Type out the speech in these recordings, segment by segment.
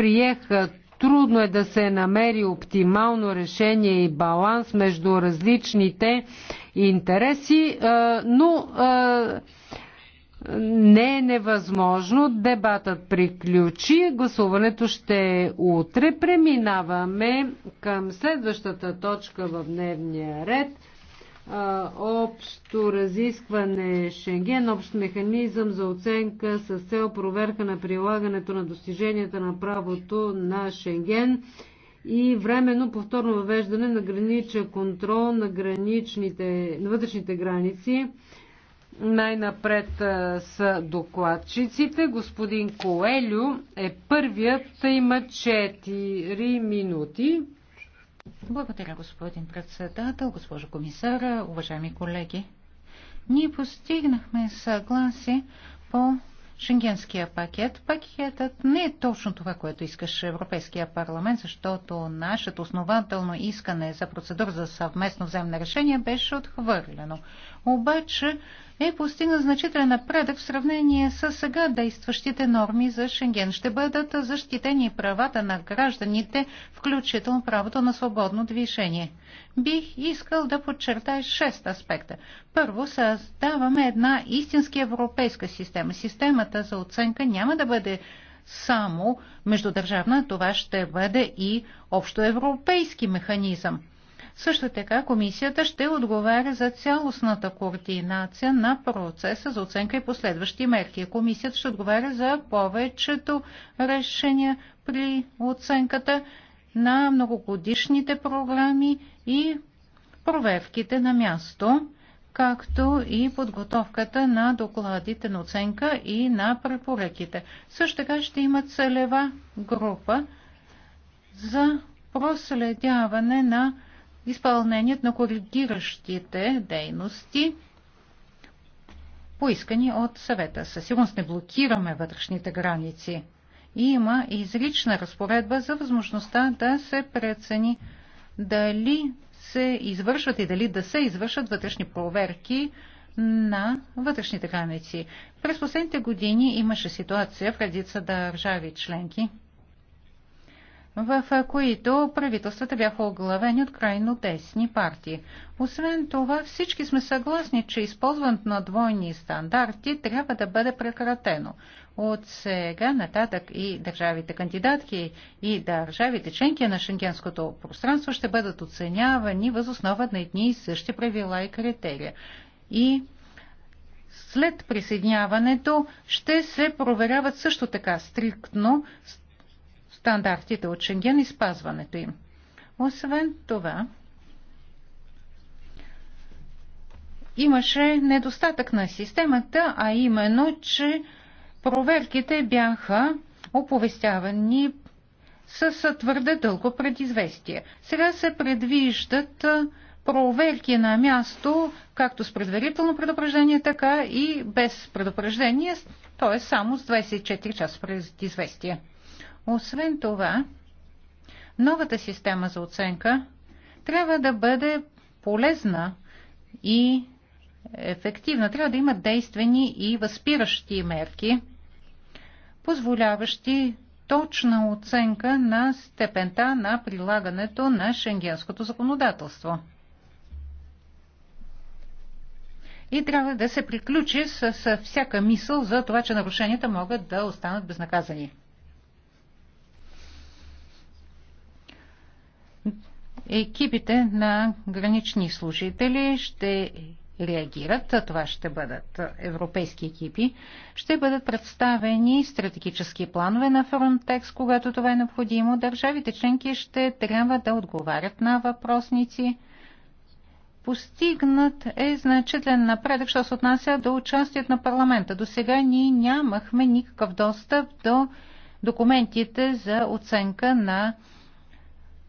приеха. Трудно е да се намери оптимално решение и баланс между различните интереси, е, но е, не е невъзможно. Дебатът приключи. Гласуването ще е утре. Преминаваме към следващата точка в дневния ред общо разискване Шенген, общ механизъм за оценка с цел проверка на прилагането на достиженията на правото на Шенген и временно повторно въвеждане на граничен контрол на, граничните, на вътрешните граници. Най-напред са докладчиците. Господин Коелю е първият, има 4 минути. Благодаря, господин председател, госпожо комисара, уважаеми колеги. Ние постигнахме съгласие по Шенгенския пакет. Пакетът не е точно това, което искаше Европейския парламент, защото нашето основателно искане за процедура за съвместно вземне решение беше отхвърлено обаче е постигна значителен напредък в сравнение с сега действащите норми за Шенген. Ще бъдат защитени правата на гражданите, включително правото на свободно движение. Бих искал да подчертая шест аспекта. Първо, създаваме една истински европейска система. Системата за оценка няма да бъде само междудържавна, това ще бъде и общоевропейски механизъм. Също така комисията ще отговаря за цялостната координация на процеса за оценка и последващи мерки. Комисията ще отговаря за повечето решения при оценката на многогодишните програми и проверките на място, както и подготовката на докладите на оценка и на препоръките. Също така ще има целева група за проследяване на изпълнението на коригиращите дейности, поискани от съвета. Със сигурност не блокираме вътрешните граници. И има изрична разпоредба за възможността да се прецени дали се извършват и дали да се извършат вътрешни проверки на вътрешните граници. През последните години имаше ситуация в редица държави членки, в които правителствата бяха оглавени от крайно десни партии. Освен това, всички сме съгласни, че използването на двойни стандарти трябва да бъде прекратено. От сега нататък и държавите кандидатки и държавите членки на шенгенското пространство ще бъдат оценявани възоснова на едни и същи правила и критерия. И след присъединяването ще се проверяват също така стриктно стандартите от Шенген и спазването им. Освен това, имаше недостатък на системата, а именно, че проверките бяха оповестявани с твърде дълго предизвестие. Сега се предвиждат проверки на място, както с предварително предупреждение, така и без предупреждение, т.е. само с 24 часа предизвестие. Освен това, новата система за оценка трябва да бъде полезна и ефективна. Трябва да има действени и възпиращи мерки, позволяващи точна оценка на степента на прилагането на шенгенското законодателство. И трябва да се приключи с всяка мисъл за това, че нарушенията могат да останат безнаказани. екипите на гранични служители ще реагират, а това ще бъдат европейски екипи, ще бъдат представени стратегически планове на Frontex, когато това е необходимо. Държавите членки ще трябва да отговарят на въпросници. Постигнат е значителен напредък, що се отнася до участието на парламента. До сега ние нямахме никакъв достъп до документите за оценка на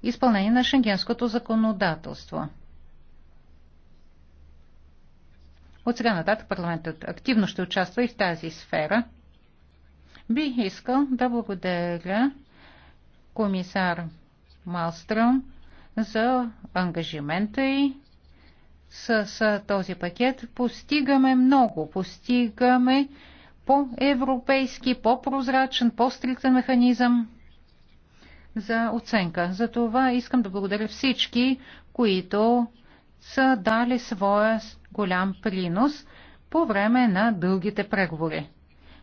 изпълнение на шенгенското законодателство. От сега нататък парламентът активно ще участва и в тази сфера. Бих искал да благодаря комисар Малстръм за ангажимента и с, с този пакет постигаме много. Постигаме по-европейски, по-прозрачен, по-стриктен механизъм за оценка. За това искам да благодаря всички, които са дали своя голям принос по време на дългите преговори.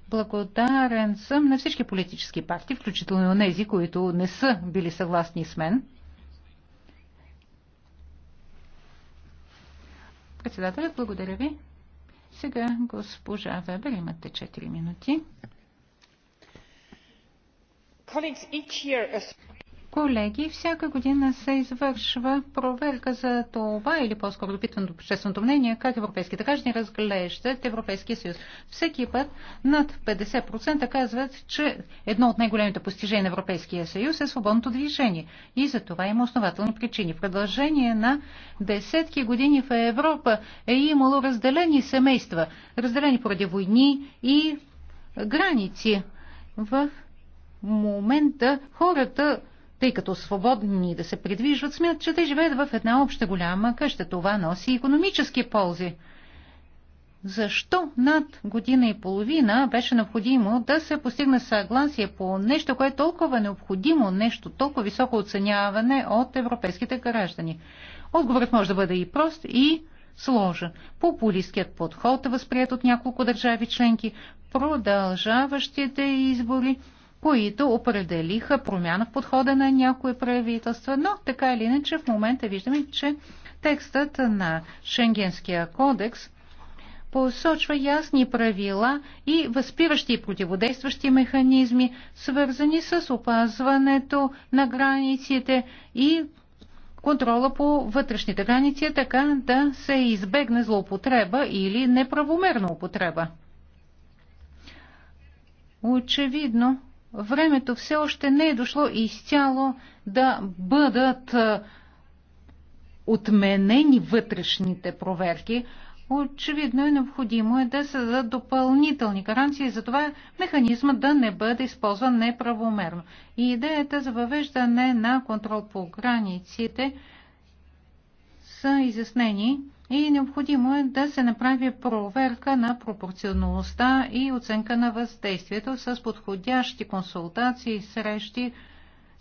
Благодарен съм на всички политически партии, включително на тези, които не са били съгласни с мен. Председателят, благодаря ви. Сега госпожа Вебер, имате 4 минути. Колеги, всяка година се извършва проверка за това или по-скоро допитване до общественото мнение как европейските граждани разглеждат Европейския съюз. Всеки път над 50% казват, че едно от най-големите постижения на Европейския съюз е свободното движение. И за това има основателни причини. В продължение на десетки години в Европа е имало разделени семейства, разделени поради войни и граници в момента хората, тъй като свободни да се придвижват, смятат, че те живеят в една обща голяма къща. Това носи економически ползи. Защо над година и половина беше необходимо да се постигне съгласие по нещо, което е толкова необходимо, нещо толкова високо оценяване от европейските граждани? Отговорът може да бъде и прост, и сложен. Популистският подход, е възприят от няколко държави членки, продължаващите избори – които определиха промяна в подхода на някои правителства, но така или иначе в момента виждаме, че текстът на Шенгенския кодекс посочва ясни правила и възпиращи и противодействащи механизми, свързани с опазването на границите и контрола по вътрешните граници, така да се избегне злоупотреба или неправомерна употреба. Очевидно, времето все още не е дошло изцяло да бъдат отменени вътрешните проверки, очевидно е необходимо е да се дадат допълнителни гаранции за това механизма да не бъде използван неправомерно. И идеята за въвеждане на контрол по границите са изяснени и необходимо е да се направи проверка на пропорционалността и оценка на въздействието с подходящи консултации и срещи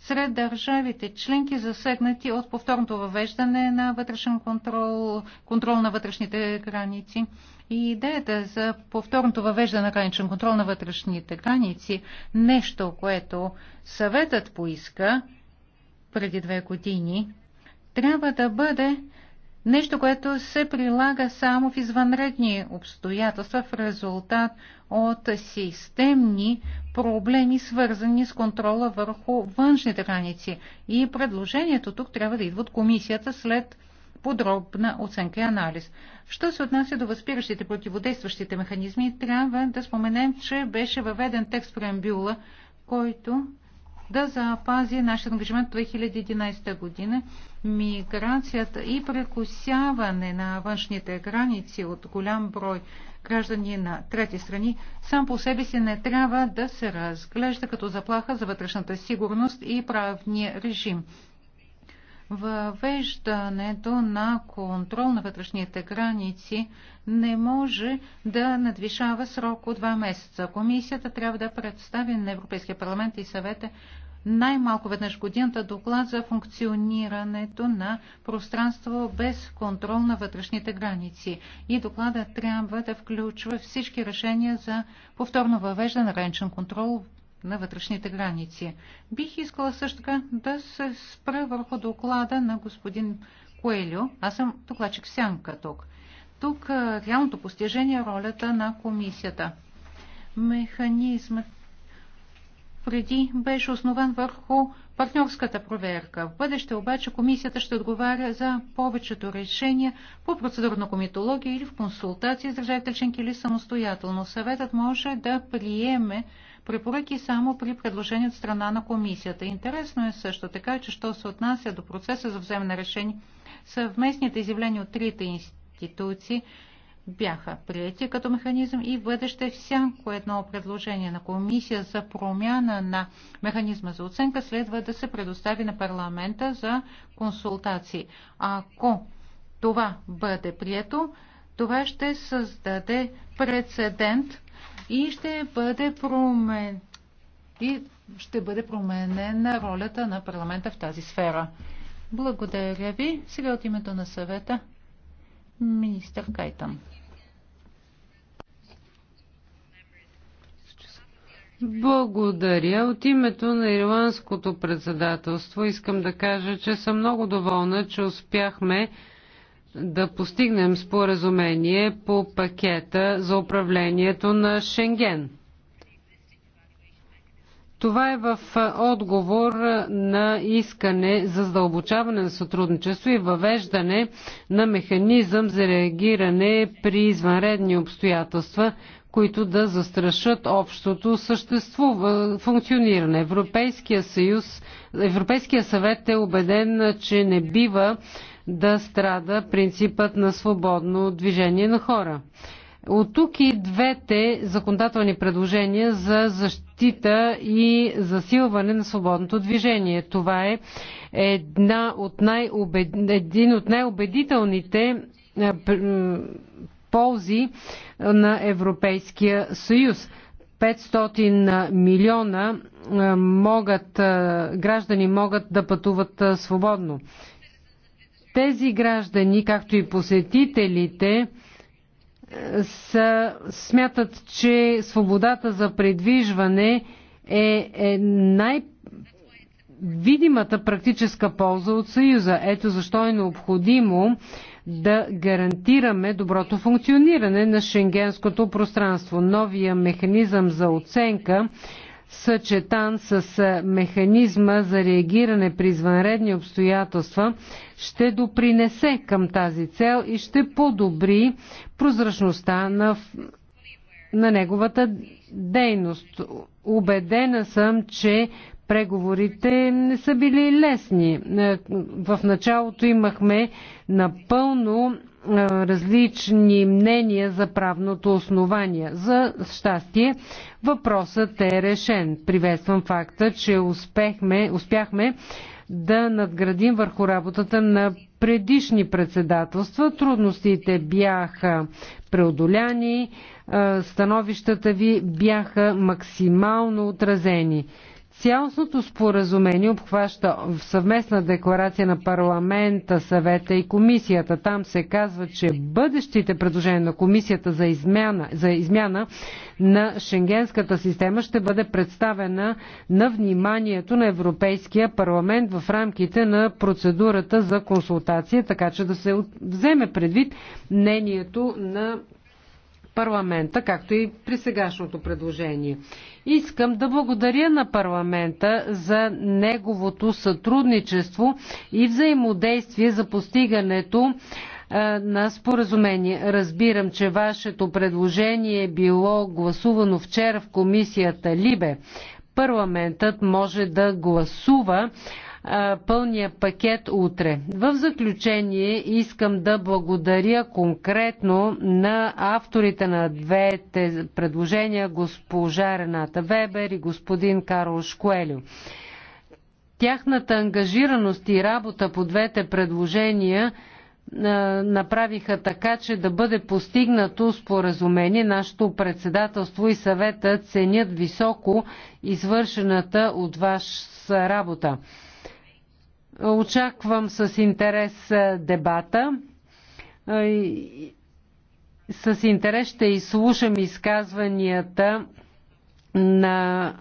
сред държавите членки засегнати от повторното въвеждане на вътрешен контрол, контрол на вътрешните граници. И идеята за повторното въвеждане на граничен контрол на вътрешните граници, нещо, което съветът поиска преди две години, трябва да бъде Нещо, което се прилага само в извънредни обстоятелства в резултат от системни проблеми, свързани с контрола върху външните граници. И предложението тук трябва да идва от комисията след подробна оценка и анализ. Що се отнася до възпиращите противодействащите механизми, трябва да споменем, че беше въведен текст в преамбюла, който да запази нашия ангажимент 2011 година. Миграцията и прекусяване на външните граници от голям брой граждани на трети страни сам по себе си не трябва да се разглежда като заплаха за вътрешната сигурност и правния режим Въвеждането на контрол на вътрешните граници не може да надвишава срок от два месеца. Комисията трябва да представи на Европейския парламент и съвета най-малко веднъж годината доклад за функционирането на пространство без контрол на вътрешните граници. И докладът трябва да включва всички решения за повторно въвеждане на граничен контрол на вътрешните граници. Бих искала също така да се спра върху доклада на господин Коелю. Аз съм докладчик Сянка тук. Тук реалното постижение е ролята на комисията. Механизмът преди беше основан върху партньорската проверка. В бъдеще обаче комисията ще отговаря за повечето решения по процедурна комитология или в консултации с държавите членки или самостоятелно. Съветът може да приеме препоръки само при предложение от страна на комисията. Интересно е също така, че що се отнася до процеса за вземане решение, съвместните изявления от трите институции бяха прияти като механизъм и бъдеще всяко едно предложение на комисия за промяна на механизма за оценка следва да се предостави на парламента за консултации. Ако това бъде прието, това ще създаде прецедент и ще бъде промен... и ще бъде променена ролята на парламента в тази сфера. Благодаря ви. Сега от името на съвета министър Кайтан. Благодаря. От името на ирландското председателство искам да кажа, че съм много доволна, че успяхме да постигнем споразумение по пакета за управлението на Шенген. Това е в отговор на искане за задълбочаване на сътрудничество и въвеждане на механизъм за реагиране при извънредни обстоятелства, които да застрашат общото съществува, функциониране. Европейския съюз, Европейския съвет е убеден, че не бива да страда принципът на свободно движение на хора. От тук и двете законодателни предложения за защита и засилване на свободното движение. Това е една от най един от най-убедителните е, ползи на Европейския съюз. 500 милиона е, могат, е, граждани могат да пътуват свободно. Тези граждани, както и посетителите, е, са, смятат, че свободата за предвижване е, е най- видимата практическа полза от Съюза. Ето защо е необходимо да гарантираме доброто функциониране на шенгенското пространство. Новия механизъм за оценка съчетан с механизма за реагиране при извънредни обстоятелства, ще допринесе към тази цел и ще подобри прозрачността на, на неговата дейност. Убедена съм, че Преговорите не са били лесни. Е, в началото имахме напълно е, различни мнения за правното основание. За щастие, въпросът е решен. Приветствам факта, че успехме, успяхме да надградим върху работата на предишни председателства. Трудностите бяха преодоляни, е, становищата ви бяха максимално отразени. Цялостното споразумение обхваща в съвместна декларация на парламента, съвета и комисията. Там се казва, че бъдещите предложения на комисията за измяна, за измяна на шенгенската система ще бъде представена на вниманието на Европейския парламент в рамките на процедурата за консултация, така че да се вземе предвид мнението на парламента, както и при сегашното предложение. Искам да благодаря на парламента за неговото сътрудничество и взаимодействие за постигането на споразумение. Разбирам, че вашето предложение е било гласувано вчера в комисията Либе. Парламентът може да гласува пълния пакет утре. В заключение искам да благодаря конкретно на авторите на двете предложения, госпожа Рената Вебер и господин Карл Шкуелю. Тяхната ангажираност и работа по двете предложения направиха така, че да бъде постигнато споразумение. Нашето председателство и съвета ценят високо извършената от ваша работа. Очаквам с интерес дебата. С интерес ще изслушам изказванията на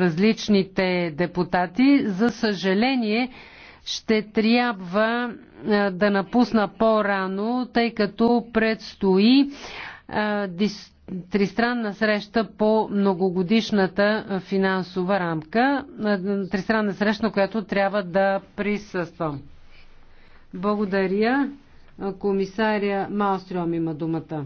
различните депутати. За съжаление, ще трябва да напусна по-рано, тъй като предстои тристранна среща по многогодишната финансова рамка. Тристранна среща, на която трябва да присъствам. Благодаря. Комисаря Маустриом има думата.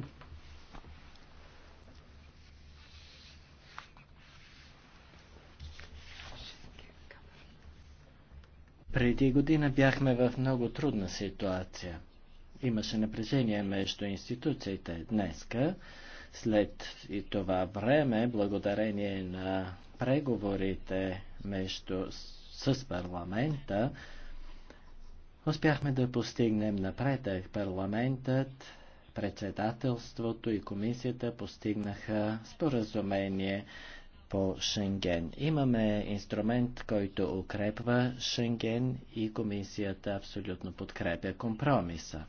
Преди година бяхме в много трудна ситуация. Имаше напрежение между институциите. Днеска след и това време, благодарение на преговорите между, с парламента, успяхме да постигнем напредък. Парламентът, председателството и комисията постигнаха споразумение по Шенген. Имаме инструмент, който укрепва Шенген и комисията абсолютно подкрепя компромиса.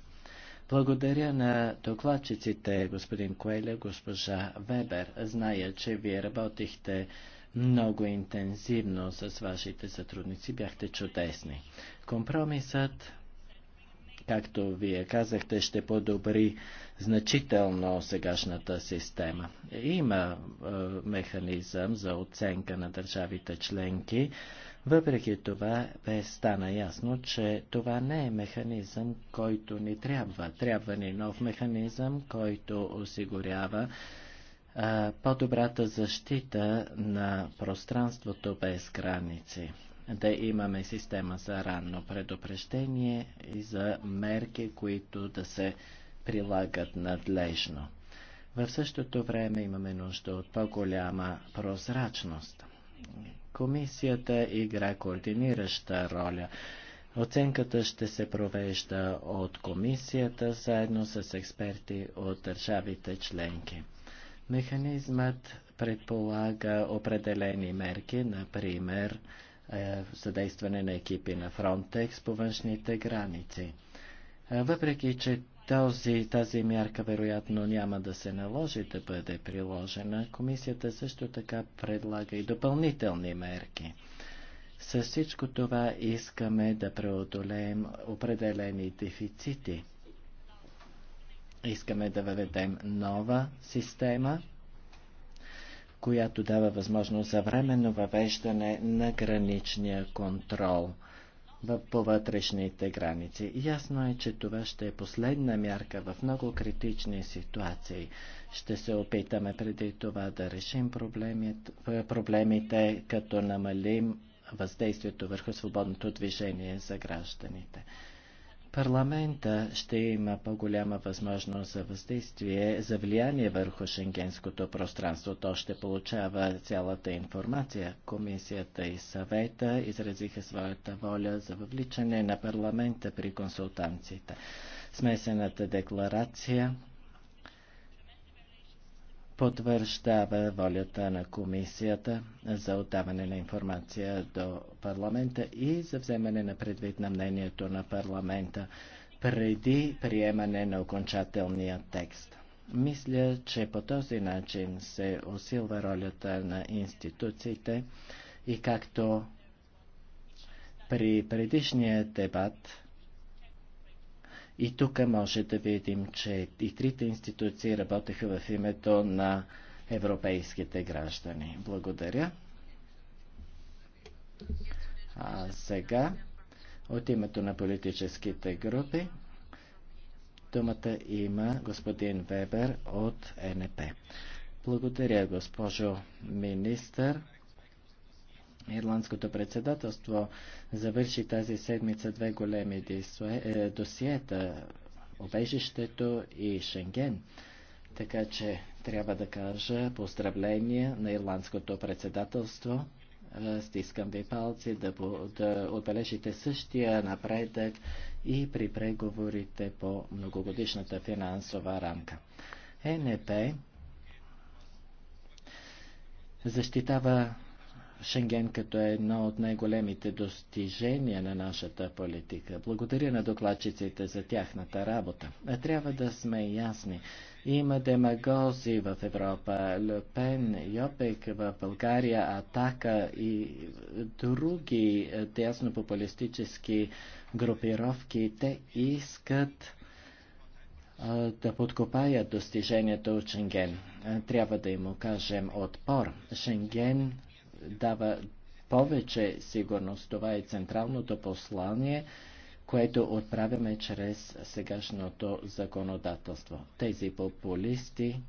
Благодаря на докладчиците, господин Коеля, госпожа Вебер. Зная, че вие работихте много интензивно с вашите сътрудници. Бяхте чудесни. Компромисът, както вие казахте, ще подобри значително сегашната система. Има е, механизъм за оценка на държавите членки. Е, въпреки това бе стана ясно, че това не е механизъм, който ни трябва. Трябва ни нов механизъм, който осигурява по-добрата защита на пространството без граници. Да имаме система за ранно предупреждение и за мерки, които да се прилагат надлежно. В същото време имаме нужда от по-голяма прозрачност. Комисията игра координираща роля. Оценката ще се провежда от комисията заедно с експерти от държавите членки. Механизмът предполага определени мерки, например съдействане е, на екипи на Фронтекс по външните граници. Е, въпреки, че този, тази мярка вероятно няма да се наложи да бъде приложена. Комисията също така предлага и допълнителни мерки. С всичко това искаме да преодолеем определени дефицити. Искаме да въведем нова система, която дава възможност за временно въвеждане на граничния контрол – по вътрешните граници. Ясно е, че това ще е последна мярка в много критични ситуации. Ще се опитаме преди това да решим проблемите, като намалим въздействието върху свободното движение за гражданите. Парламента ще има по-голяма възможност за въздействие, за влияние върху шенгенското пространство. То ще получава цялата информация. Комисията и съвета изразиха своята воля за въвличане на парламента при консултанциите. Смесената декларация потвърждава волята на комисията за отдаване на информация до парламента и за вземане на предвид на мнението на парламента преди приемане на окончателния текст. Мисля, че по този начин се усилва ролята на институциите и както при предишния дебат и тук може да видим, че и трите институции работеха в името на европейските граждани. Благодаря. А сега от името на политическите групи думата има господин Вебер от НП. Благодаря, госпожо министър. Ирландското председателство завърши тази седмица две големи е, досиета – обежището и Шенген. Така че трябва да кажа поздравления на Ирландското председателство. Е, стискам ви палци да, да отбележите същия напредък и при преговорите по многогодишната финансова рамка. ЕНП защитава Шенген като е едно от най-големите достижения на нашата политика. Благодаря на докладчиците за тяхната работа. Трябва да сме ясни. Има демагози в Европа, Лепен, Йопек в България, Атака и други тясно-популистически групировки. Те искат да подкопаят достижението от Шенген. Трябва да им окажем отпор. Шенген дава повече сигурност. Това е централното послание, което отправяме чрез сегашното законодателство. Тези популисти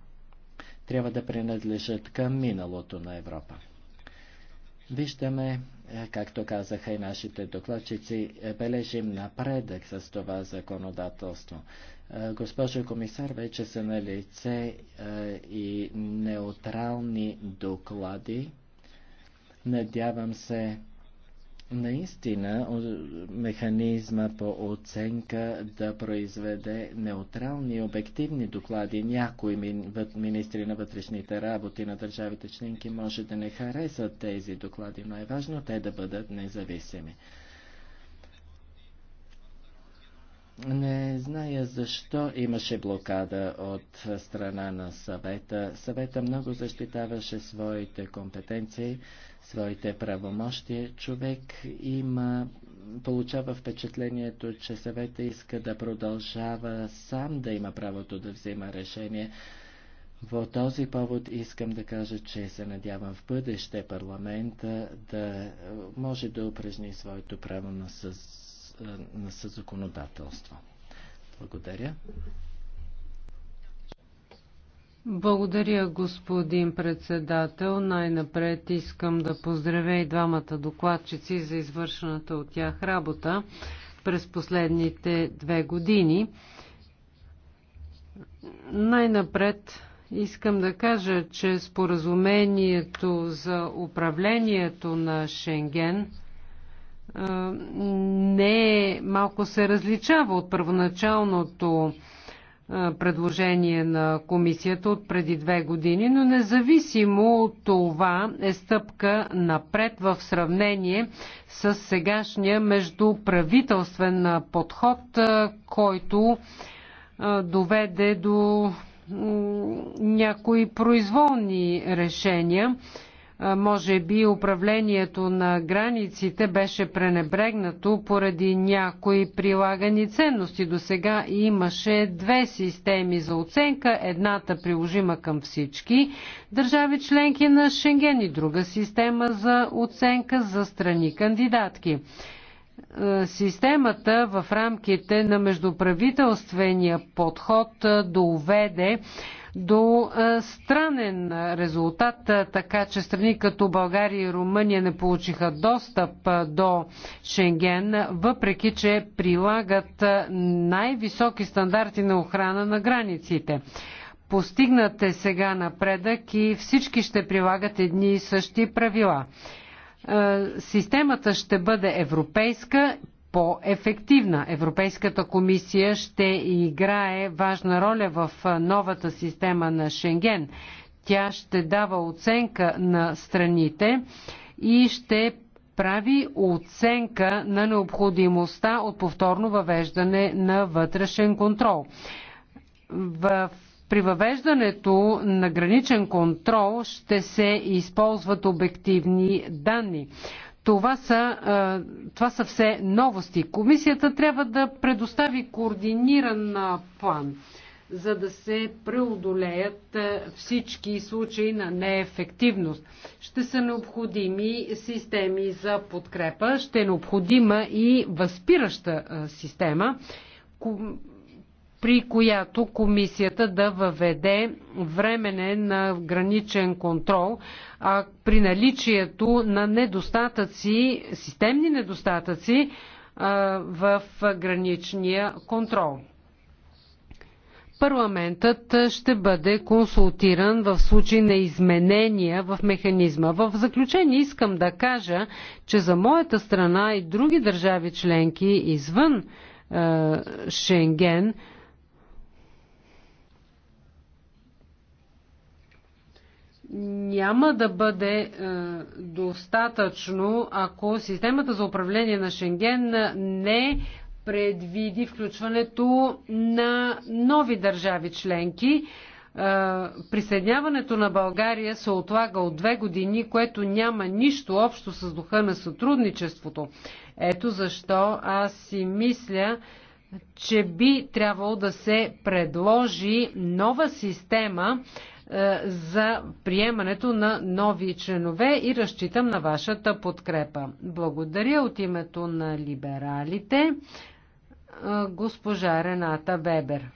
трябва да принадлежат към миналото на Европа. Виждаме, е, както казаха и нашите докладчици, е, бележим напредък с това законодателство. Е, госпожо комисар, вече са на лице и неутрални доклади, Надявам се наистина механизма по оценка да произведе неутрални и обективни доклади. Някои министри на вътрешните работи на държавите членки може да не харесат тези доклади, но е важно те да бъдат независими. Не зная защо имаше блокада от страна на съвета. Съвета много защитаваше своите компетенции своите правомощия, човек има, получава впечатлението, че съвета иска да продължава сам да има правото да взема решение. В този повод искам да кажа, че се надявам в бъдеще парламента да е, може да упражни своето право на, със, е, на съзаконодателство. Благодаря. Благодаря, господин председател. Най-напред искам да поздравя и двамата докладчици за извършената от тях работа през последните две години. Най-напред искам да кажа, че споразумението за управлението на Шенген не е малко се различава от първоначалното предложение на комисията от преди две години, но независимо от това е стъпка напред в сравнение с сегашния междуправителствен подход, който доведе до някои произволни решения може би управлението на границите беше пренебрегнато поради някои прилагани ценности. До сега имаше две системи за оценка. Едната приложима към всички държави членки на Шенген и друга система за оценка за страни кандидатки системата в рамките на междуправителствения подход доведе до странен резултат, така че страни като България и Румъния не получиха достъп до Шенген, въпреки че прилагат най-високи стандарти на охрана на границите. Постигнат е сега напредък и всички ще прилагат едни и същи правила. Системата ще бъде европейска, по-ефективна. Европейската комисия ще играе важна роля в новата система на Шенген. Тя ще дава оценка на страните и ще прави оценка на необходимостта от повторно въвеждане на вътрешен контрол. В при въвеждането на граничен контрол ще се използват обективни данни. Това са, това са все новости. Комисията трябва да предостави координиран план, за да се преодолеят всички случаи на неефективност. Ще са необходими системи за подкрепа, ще е необходима и възпираща система при която комисията да въведе времене на граничен контрол а при наличието на недостатъци, системни недостатъци в граничния контрол. Парламентът ще бъде консултиран в случай на изменения в механизма. В заключение искам да кажа, че за моята страна и други държави членки извън е, Шенген няма да бъде е, достатъчно, ако системата за управление на Шенген не предвиди включването на нови държави членки. Е, присъединяването на България се отлага от две години, което няма нищо общо с духа на сътрудничеството. Ето защо аз си мисля, че би трябвало да се предложи нова система е, за приемането на нови членове и разчитам на вашата подкрепа. Благодаря от името на либералите е, госпожа Рената Вебер.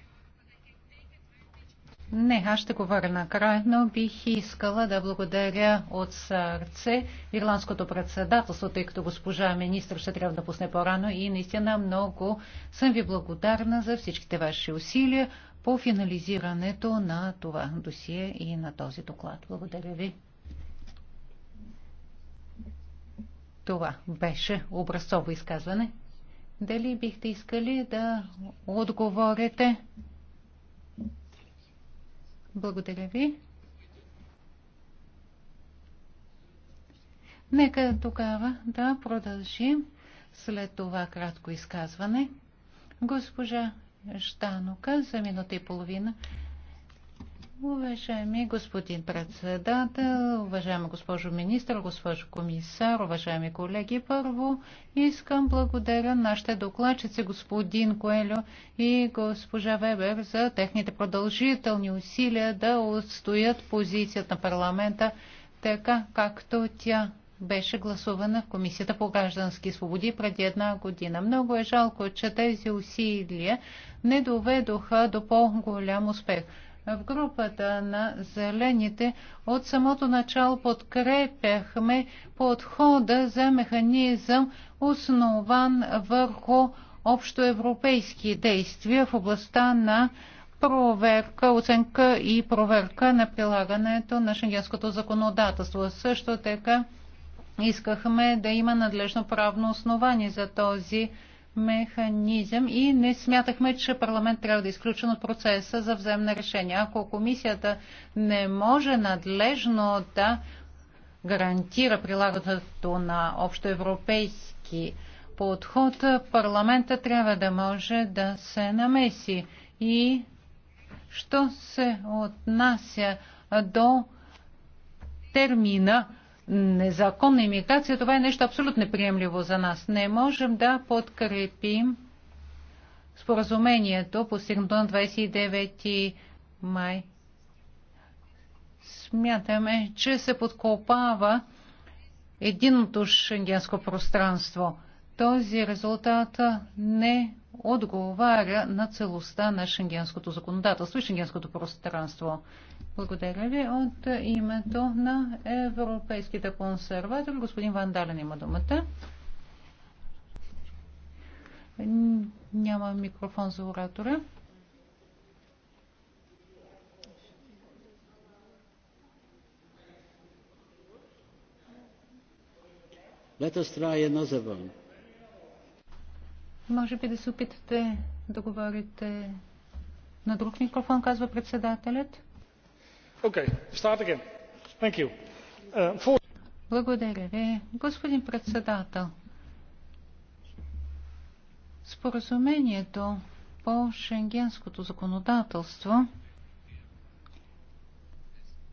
Не, аз ще говоря накрая, но бих искала да благодаря от сърце Ирландското председателство, тъй като госпожа министр ще трябва да пусне по-рано и наистина много съм ви благодарна за всичките ваши усилия по финализирането на това досие и на този доклад. Благодаря ви. Това беше образцово изказване. Дали бихте искали да отговорите? Благодаря ви. Нека тогава да продължим след това кратко изказване. Госпожа Жданука за минута и половина. Уважаеми господин председател, уважаема госпожо министр, госпожо комисар, уважаеми колеги, първо искам благодаря нашите докладчици господин Коелю и госпожа Вебер за техните продължителни усилия да отстоят позицията на парламента така, както тя беше гласувана в Комисията по граждански свободи преди една година. Много е жалко, че тези усилия не доведоха до по-голям успех. В групата на зелените от самото начало подкрепяхме подхода за механизъм, основан върху общоевропейски действия в областта на проверка, оценка и проверка на прилагането на шенгенското законодателство. Също така искахме да има надлежно правно основание за този механизъм и не смятахме, че парламент трябва да е изключен от процеса за вземане решение. Ако комисията не може надлежно да гарантира прилагането на общоевропейски подход, парламента трябва да може да се намеси. И що се отнася до термина незаконна имиграция, това е нещо абсолютно неприемливо за нас. Не можем да подкрепим споразумението, сигнато на 29 май. Смятаме, че се подкопава единното шенгенско пространство. Този резултат не отговаря на целостта на шенгенското законодателство и шенгенското пространство. Благодаря ви. От името на европейските консерватори, господин Вандален има думата. Няма микрофон за оратора. try another one. Може би да се опитате да говорите на друг микрофон, казва председателят. Uh, Благодаря ви, господин председател. Споразумението по шенгенското законодателство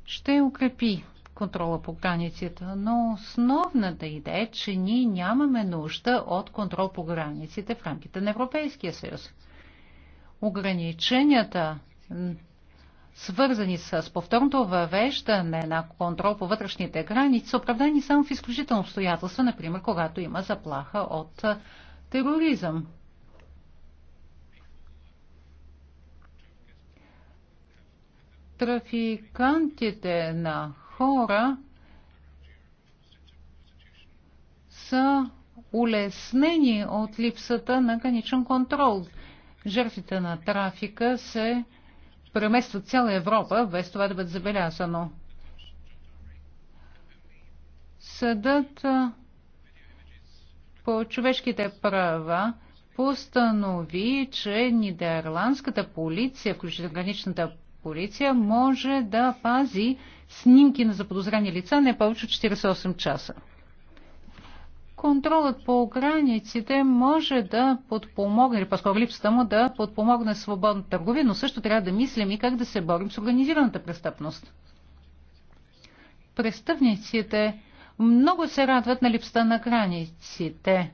ще укрепи контрола по границите, но основната идея е, че ние нямаме нужда от контрол по границите в рамките на Европейския съюз. Ограниченията свързани с повторното въвеждане на контрол по вътрешните граници, са оправдани само в изключително обстоятелства, например, когато има заплаха от тероризъм. Трафикантите на хора са улеснени от липсата на граничен контрол. Жертвите на трафика се преместват цяла Европа, без това да бъде забелязано. Съдът по човешките права постанови, че нидерландската полиция, включително граничната полиция, може да пази снимки на заподозрени лица не повече от 48 часа контролът по границите може да подпомогне, или по-скоро липсата му да подпомогне свободна търговия, но също трябва да мислим и как да се борим с организираната престъпност. Престъпниците много се радват на липсата на границите.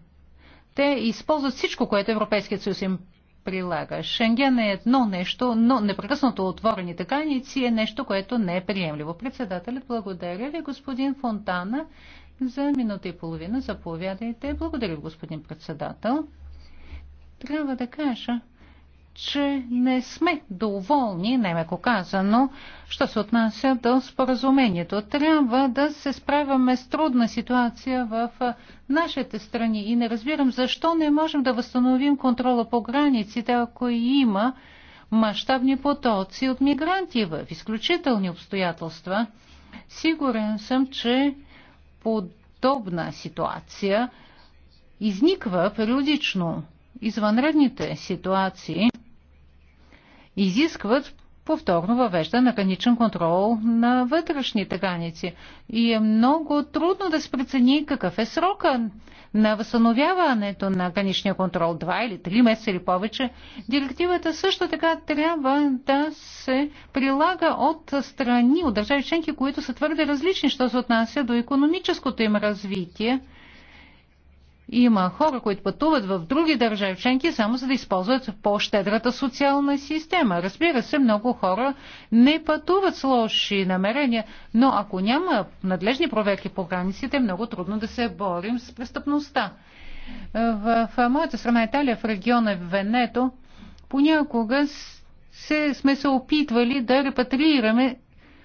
Те използват всичко, което Европейският съюз им прилага. Шенген е едно нещо, но непрекъснато отворените граници е нещо, което не е приемливо. Председателят, благодаря ви, господин Фонтана за минута и половина. Заповядайте. Благодаря, господин председател. Трябва да кажа, че не сме доволни, немеко казано, що се отнася до споразумението. Трябва да се справяме с трудна ситуация в нашите страни и не разбирам защо не можем да възстановим контрола по границите, ако има мащабни потоци от мигранти в изключителни обстоятелства. Сигурен съм, че подобна ситуация изниква периодично. Извънредните ситуации изискват повторно въвежда на граничен контрол на вътрешните граници. И е много трудно да се прецени какъв е срока на възстановяването на граничния контрол 2 или 3 месеца или повече. Директивата също така трябва да се прилага от страни, от държави членки, които са твърде различни, що се отнася до економическото им развитие – има хора, които пътуват в други държави членки, само за да използват по-щедрата социална система. Разбира се, много хора не пътуват с лоши намерения, но ако няма надлежни проверки по границите, е много трудно да се борим с престъпността. В, в моята страна Италия, в региона Венето, понякога се, сме се опитвали да репатриираме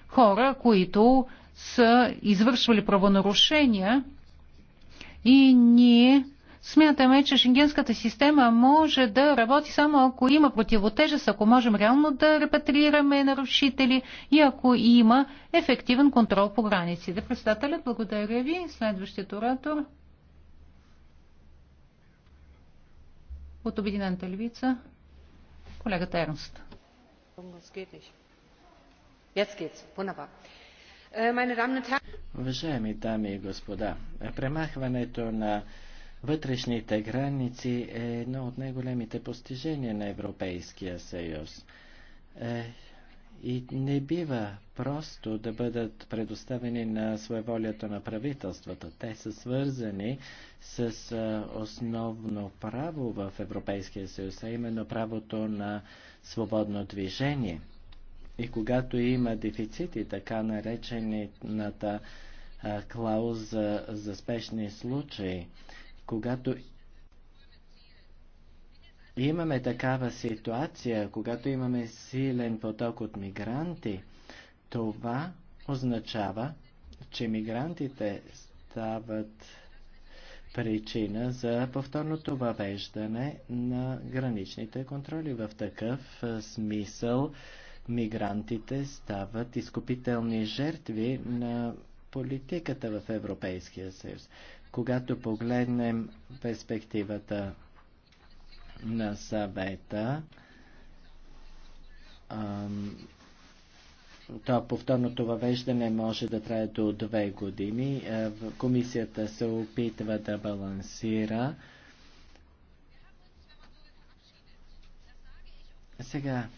хора, които са извършвали правонарушения и ние смятаме, че шенгенската система може да работи само ако има противотежест, ако можем реално да репатрираме нарушители и ако има ефективен контрол по границите. Председателя, благодаря ви. Следващият оратор. От Обединената левица. Колегата Ернст. Jetzt geht's. Wunderbar. Äh, Уважаеми дами и господа, премахването на вътрешните граници е едно от най-големите постижения на Европейския съюз. Е, и не бива просто да бъдат предоставени на своеволието на правителствата. Те са свързани с е, основно право в Европейския съюз, а именно правото на свободно движение. И когато има дефицити, така наречената клауза за спешни случаи, когато имаме такава ситуация, когато имаме силен поток от мигранти, това означава, че мигрантите стават причина за повторното въвеждане на граничните контроли. В такъв смисъл мигрантите стават изкупителни жертви на политиката в Европейския съюз. Когато погледнем перспективата на съвета, то повторното въвеждане може да трае до две години. Е, комисията се опитва да балансира. Сега,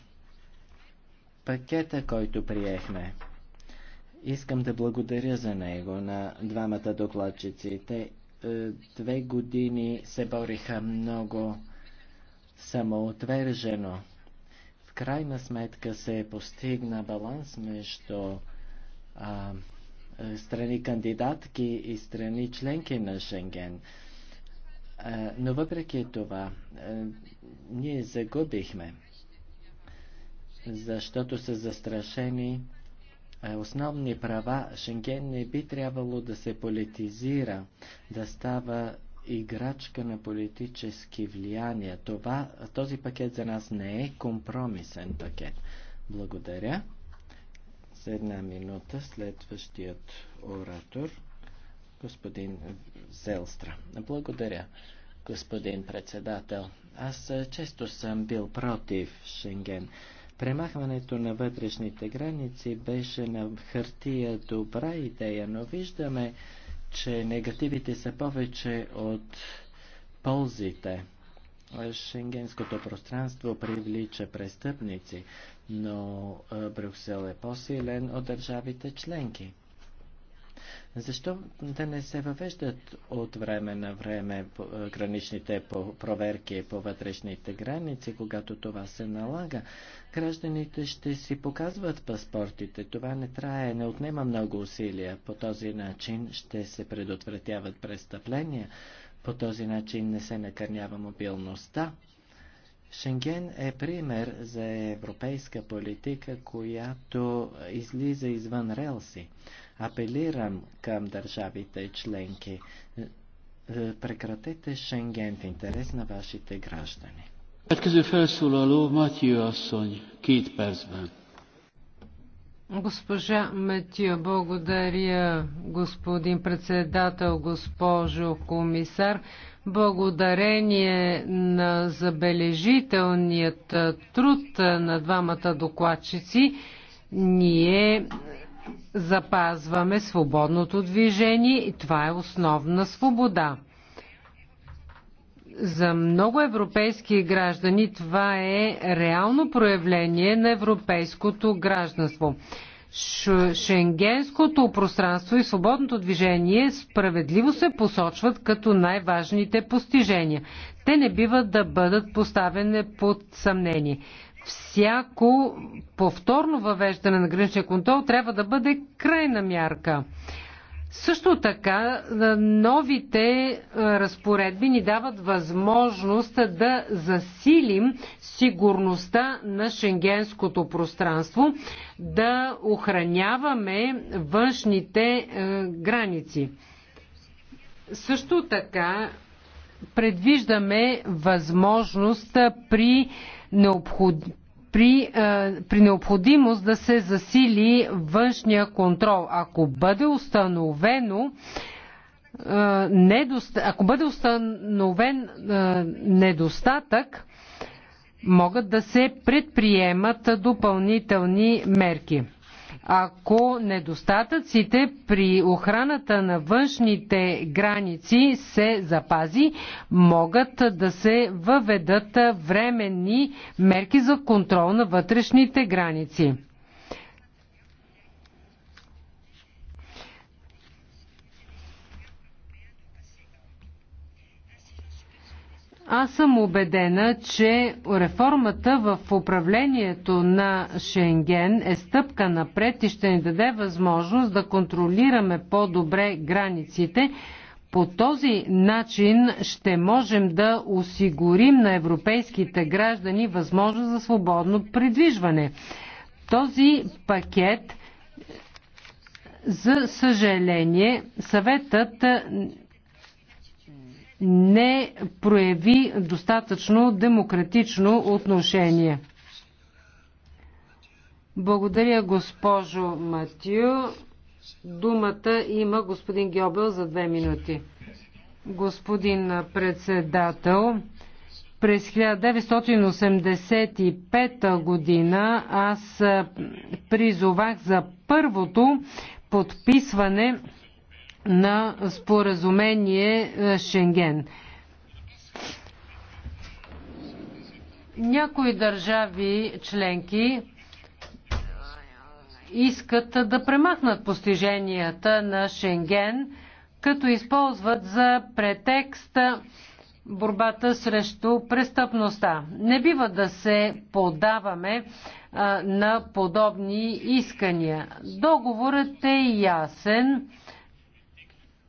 пакета, който приехме. Искам да благодаря за него на двамата докладчици. Те е, две години се бориха много самоотвержено. В крайна сметка се постигна баланс между а, е, страни кандидатки и страни членки на Шенген. А, е, но въпреки това, а, ние загубихме защото са застрашени основни права. Шенген не би трябвало да се политизира, да става играчка на политически влияния. Това, този пакет за нас не е компромисен пакет. Благодаря. С една минута следващият оратор, господин Зелстра. Благодаря, господин председател. Аз често съм бил против Шенген. Премахването на вътрешните граници беше на хартия добра идея, но виждаме, че негативите са повече от ползите. Шенгенското пространство привлича престъпници, но Брюксел е по-силен от държавите членки. Защо да не се въвеждат от време на време граничните проверки по вътрешните граници, когато това се налага? Гражданите ще си показват паспортите. Това не трае, не отнема много усилия. По този начин ще се предотвратяват престъпления. По този начин не се накърнява мобилността. Шенген е пример за европейска политика, която излиза извън релси. Апелирам към държавите членки. Е, е, прекратете Шенген в интерес на вашите граждани. Госпожа Метио, благодаря, господин председател, госпожо комисар. Благодарение на забележителният труд на двамата докладчици, ние запазваме свободното движение и това е основна свобода. За много европейски граждани това е реално проявление на европейското гражданство. Шенгенското пространство и свободното движение справедливо се посочват като най-важните постижения. Те не биват да бъдат поставени под съмнение всяко повторно въвеждане на граничния контрол трябва да бъде крайна мярка. Също така, новите разпоредби ни дават възможност да засилим сигурността на шенгенското пространство, да охраняваме външните граници. Също така, предвиждаме възможност при необход... при, а, е, при необходимост да се засили външния контрол. Ако бъде установено е, ако бъде установен е, недостатък, могат да се предприемат допълнителни мерки ако недостатъците при охраната на външните граници се запази, могат да се въведат временни мерки за контрол на вътрешните граници. Аз съм убедена, че реформата в управлението на Шенген е стъпка напред и ще ни даде възможност да контролираме по-добре границите. По този начин ще можем да осигурим на европейските граждани възможност за свободно придвижване. Този пакет, за съжаление, съветът не прояви достатъчно демократично отношение. Благодаря, госпожо Матио, Думата има господин Гьобел за две минути. Господин председател, през 1985 година аз призовах за първото подписване на споразумение е, Шенген. Някои държави членки искат да премахнат постиженията на Шенген, като използват за претекст борбата срещу престъпността. Не бива да се подаваме а, на подобни искания. Договорът е ясен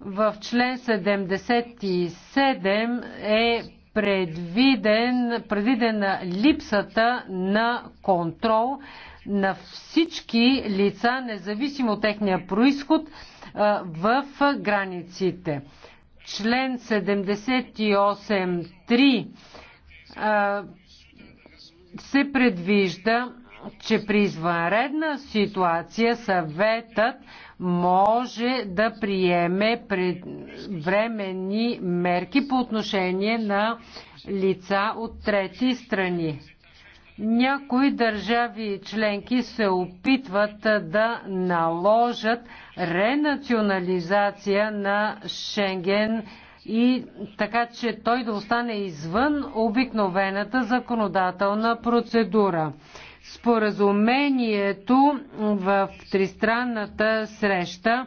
в член 77 е предвиден, предвидена липсата на контрол на всички лица, независимо от техния происход, в границите. Член 78.3 се предвижда че при извънредна ситуация съветът може да приеме временни мерки по отношение на лица от трети страни. Някои държави членки се опитват да наложат ренационализация на Шенген и така, че той да остане извън обикновената законодателна процедура. Споразумението в тристранната среща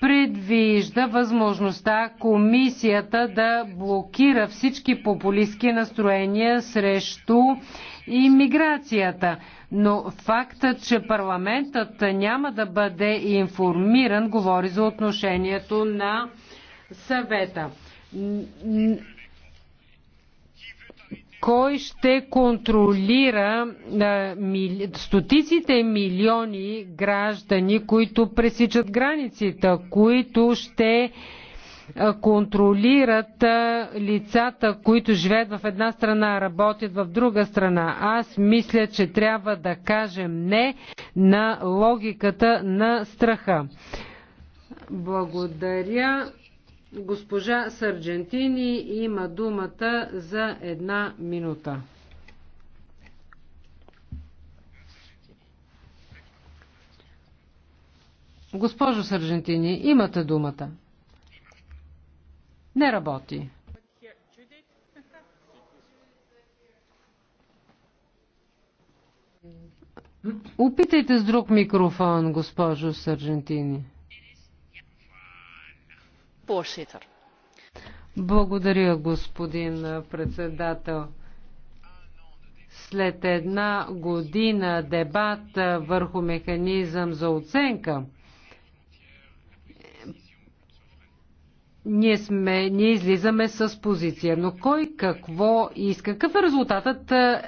предвижда възможността комисията да блокира всички популистски настроения срещу иммиграцията. Но фактът, че парламентът няма да бъде информиран, говори за отношението на съвета. Кой ще контролира стотиците милиони граждани, които пресичат границите, които ще контролират лицата, които живеят в една страна, работят в друга страна. Аз мисля, че трябва да кажем не на логиката на страха. Благодаря. Госпожа Сърджентини има думата за една минута. Госпожо Сържентини, имате думата. Не работи. Опитайте с друг микрофон, госпожо Сържентини voorzitter. Благодаря, господин председател. След една година дебат върху механизъм за оценка, ние, сме, ние излизаме с позиция. Но кой какво иска? Какъв е резултатът е,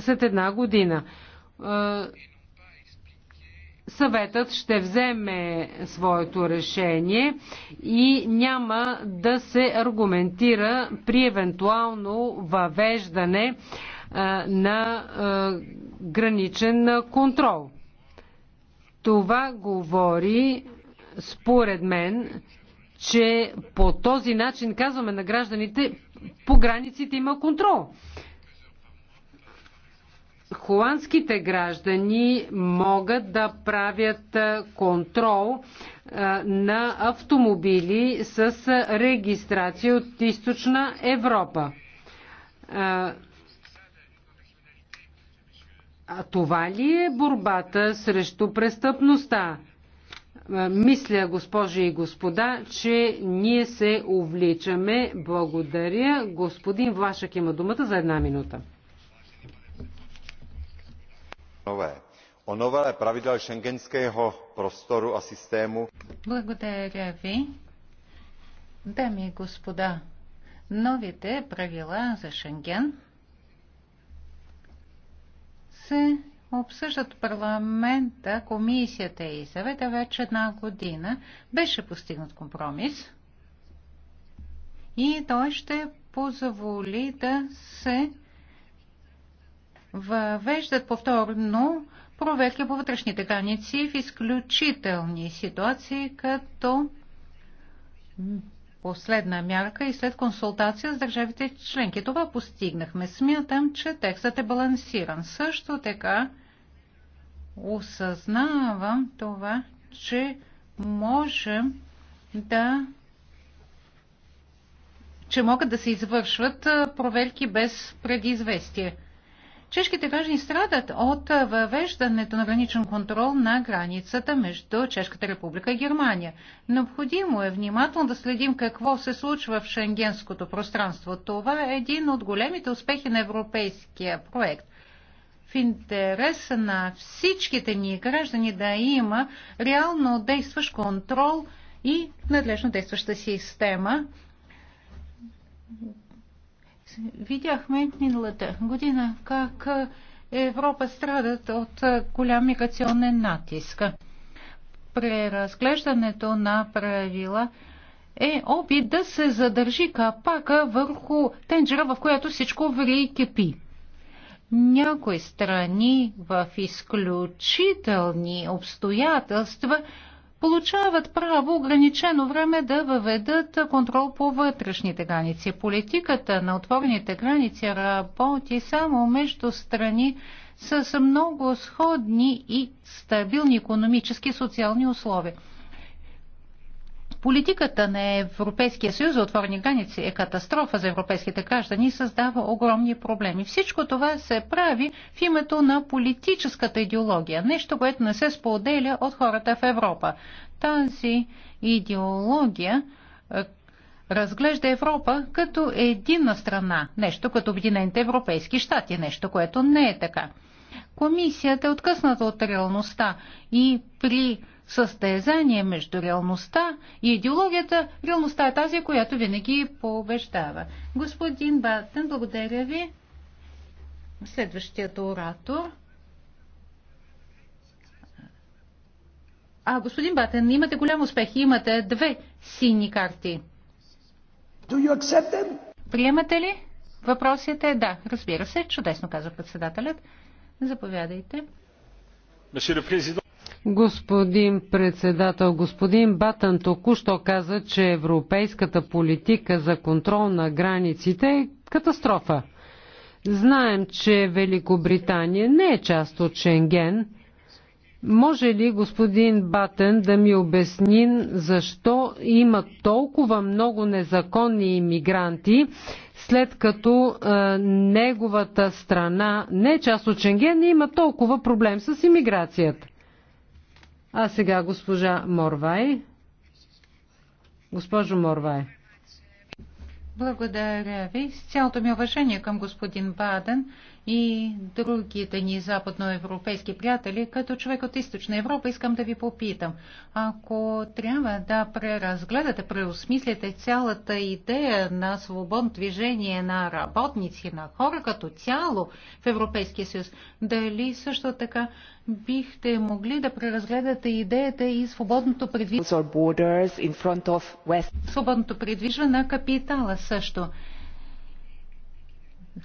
след една година? Е, съветът ще вземе своето решение и няма да се аргументира при евентуално въвеждане на граничен контрол. Това говори, според мен, че по този начин казваме на гражданите, по границите има контрол холандските граждани могат да правят контрол на автомобили с регистрация от източна Европа. А това ли е борбата срещу престъпността? Мисля, госпожи и господа, че ние се увличаме. Благодаря. Господин Влашък има думата за една минута nové. O novele pravidel schengenského prostoru a systému. Благодаря ви. Дами и господа, новите правила за Шенген се обсъждат парламента, комисията и съвета вече една година. Беше постигнат компромис и той ще позволи да се въвеждат повторно проверки по вътрешните граници в изключителни ситуации, като последна мярка и след консултация с държавите членки. Това постигнахме. Смятам, че текстът е балансиран. Също така осъзнавам това, че можем да че могат да се извършват проверки без предизвестие. Чешките граждани страдат от въвеждането на граничен контрол на границата между Чешката република и Германия. Необходимо е внимателно да следим какво се случва в шенгенското пространство. Това е един от големите успехи на европейския проект. В интерес на всичките ни граждани да има реално действащ контрол и надлежно действаща система видяхме миналата година как Европа страдат от голям миграционен натиск. Преразглеждането на правила е опит да се задържи капака върху тенджера, в която всичко ври и кипи. Някои страни в изключителни обстоятелства получават право ограничено време да въведат контрол по вътрешните граници. Политиката на отворените граници работи само между страни с много сходни и стабилни економически и социални условия. Политиката на Европейския съюз за отворени граници е катастрофа за европейските граждани и създава огромни проблеми. Всичко това се прави в името на политическата идеология, нещо, което не се споделя от хората в Европа. Тази идеология е, разглежда Европа като единна страна, нещо като Обединените европейски щати, нещо, което не е така. Комисията е откъсната от реалността и при състезание между реалността и идеологията, реалността е тази, която винаги побеждава. Господин Батен, благодаря ви. Следващият оратор. А, господин Батен, имате голям успех. Имате две сини карти. Do you accept them? Приемате ли? Въпросът е да, разбира се. Чудесно казва председателят. Заповядайте. Monsieur президент, Господин председател, господин Батън току-що каза, че европейската политика за контрол на границите е катастрофа. Знаем, че Великобритания не е част от Шенген. Може ли господин Батен да ми обясни защо има толкова много незаконни иммигранти, след като е, неговата страна не е част от Шенген и има толкова проблем с иммиграцията? А сега госпожа Морвай. Госпожо Морвай. Благодаря ви. С цялото ми уважение към господин Баден и другите ни западноевропейски приятели, като човек от Източна Европа, искам да ви попитам, ако трябва да преразгледате, преосмислите цялата идея на свободно движение на работници, на хора като цяло в Европейския съюз, дали също така бихте могли да преразгледате идеята и свободното предвижване, свободното предвижване на капитала също.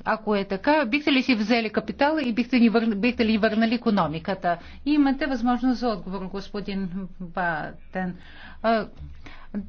Ако е така, бихте ли си взели капитала и бихте, ни върна, бихте ли върнали економиката? Имате възможност за отговор, господин Батен.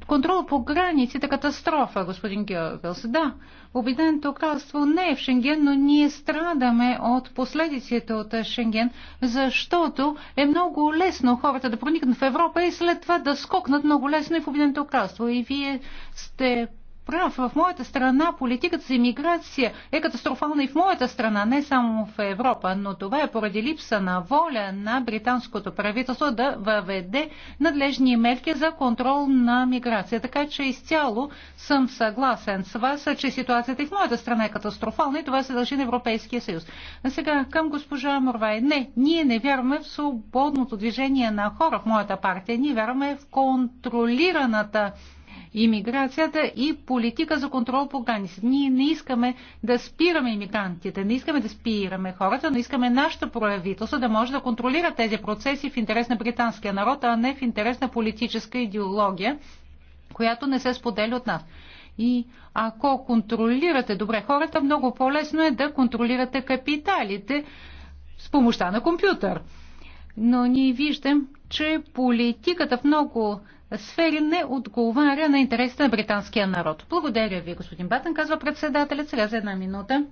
Контрол по границите катастрофа, господин Георгълс. Да, Обединеното кралство не е в Шенген, но ние страдаме от последиците от Шенген, защото е много лесно хората да проникнат в Европа и след това да скокнат много лесно и в Обединеното кралство. И вие сте прав. В моята страна политиката за иммиграция е катастрофална и в моята страна, не само в Европа, но това е поради липса на воля на британското правителство да въведе надлежни мерки за контрол на миграция. Така че изцяло съм съгласен с вас, че ситуацията и в моята страна е катастрофална и това се дължи на Европейския съюз. А сега към госпожа Морвай. Не, ние не вярваме в свободното движение на хора в моята партия. Ние вярваме в контролираната иммиграцията и политика за контрол по границите. Ние не искаме да спираме иммигрантите, не искаме да спираме хората, но искаме нашата правителство да може да контролира тези процеси в интерес на британския народ, а не в интерес на политическа идеология, която не се споделя от нас. И ако контролирате добре хората, много по-лесно е да контролирате капиталите с помощта на компютър. Но ние виждам, че политиката в много сфери не отговаря на интересите на британския народ. Благодаря ви, господин Батен, казва председателят. Сега за една минута.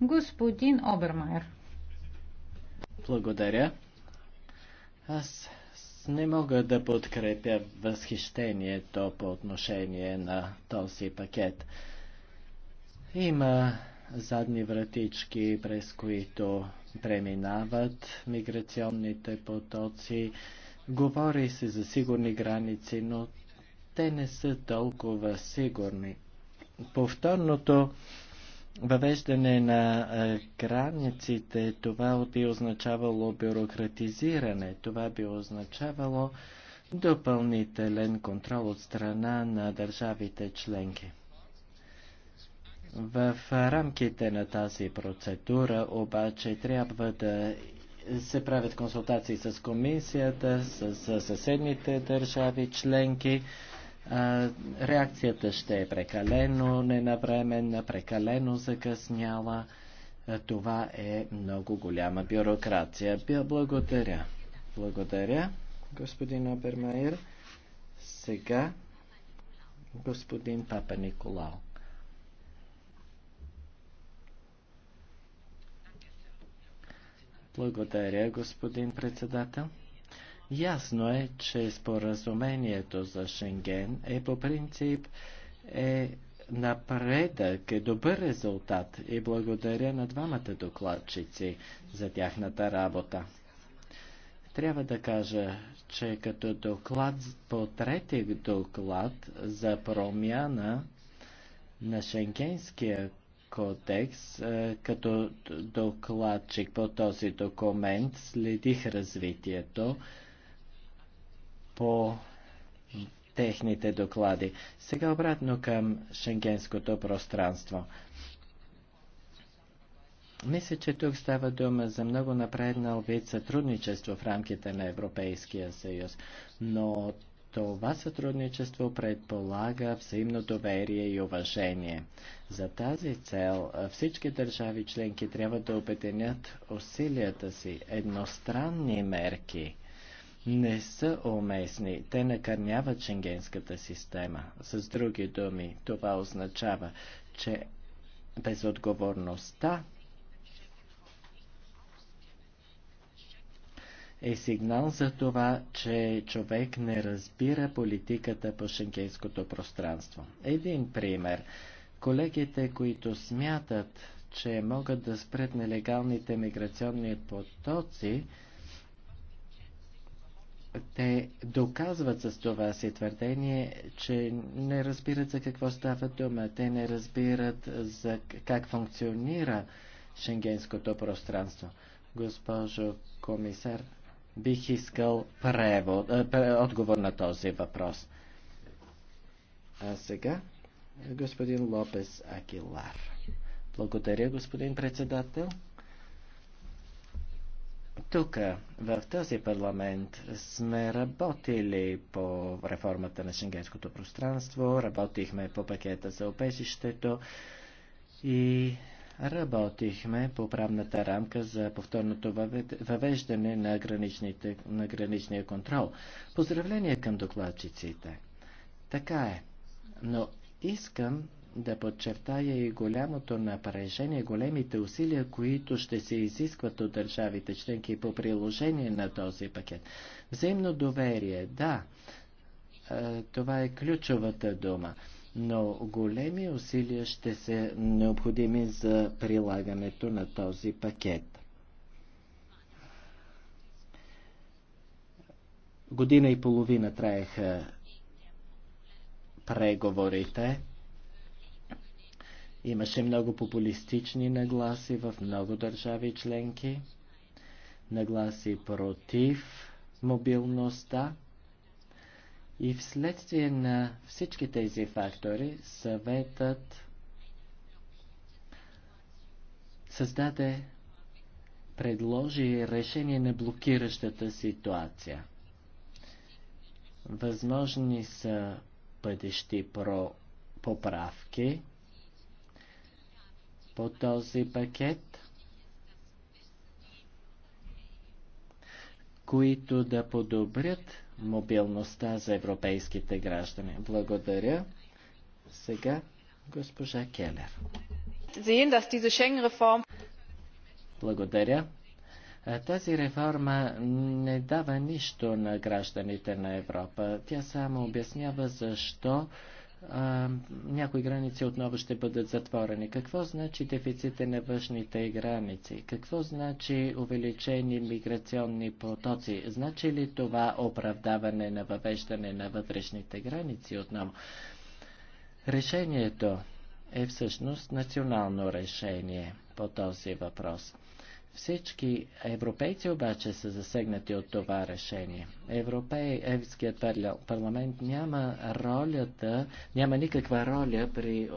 Господин Обермайер. Благодаря. Аз не мога да подкрепя възхищението по отношение на този пакет. Има задни вратички, през които преминават миграционните потоци. Говори се за сигурни граници, но те не са толкова сигурни. Повторното въвеждане на границите, това би означавало бюрократизиране, това би означавало допълнителен контрол от страна на държавите членки. В рамките на тази процедура обаче трябва да се правят консултации с комисията, с, с съседните държави, членки. А, реакцията ще е прекалено ненавременна, прекалено закъсняла. А, това е много голяма бюрокрация. Благодаря. Благодаря, господин Обермайер. Сега господин Папа Николао. Благодаря, господин председател. Ясно е, че споразумението за Шенген е по принцип е напредък, е добър резултат и благодаря на двамата докладчици за тяхната работа. Трябва да кажа, че като доклад по трети доклад за промяна на Шенгенския кодекс. Е, като докладчик по този документ следих развитието по техните доклади. Сега обратно към шенгенското пространство. Мисля, че тук става дума за много напреднал вид сътрудничество в рамките на Европейския съюз, но това сътрудничество предполага взаимно доверие и уважение. За тази цел всички държави членки трябва да обединят усилията си. Едностранни мерки не са уместни. Те накърняват шенгенската система. С други думи, това означава, че безотговорността е сигнал за това, че човек не разбира политиката по шенгенското пространство. Един пример. Колегите, които смятат, че могат да спрат нелегалните миграционни потоци, те доказват с това си твърдение, че не разбират за какво става дума, те не разбират за как функционира шенгенското пространство. Госпожо комисар, бих искал превод, э, отговор на този въпрос. А сега господин Лопес Акилар. Благодаря, господин председател. Тук, в този парламент, сме работили по реформата на шенгенското пространство, работихме по пакета за обежището и работихме по правната рамка за повторното въвеждане на, на граничния контрол. Поздравление към докладчиците. Така е. Но искам да подчертая и голямото напрежение, големите усилия, които ще се изискват от държавите членки по приложение на този пакет. Взаимно доверие, да, това е ключовата дума но големи усилия ще са необходими за прилагането на този пакет. Година и половина траеха преговорите. Имаше много популистични нагласи в много държави членки, нагласи против мобилността. И вследствие на всички тези фактори, съветът създаде, предложи решение на блокиращата ситуация. Възможни са бъдещи про поправки по този пакет, които да подобрят мобилността за европейските граждани. Благодаря. Сега госпожа Келер. Благодаря. Тази реформа не дава нищо на гражданите на Европа. Тя само обяснява защо а, някои граници отново ще бъдат затворени. Какво значи дефиците на външните граници? Какво значи увеличени миграционни потоци? Значи ли това оправдаване на въвеждане на вътрешните граници отново? Решението е всъщност национално решение по този въпрос. Всички европейци обаче са засегнати от това решение. Европейският парламент няма ролята, няма никаква роля при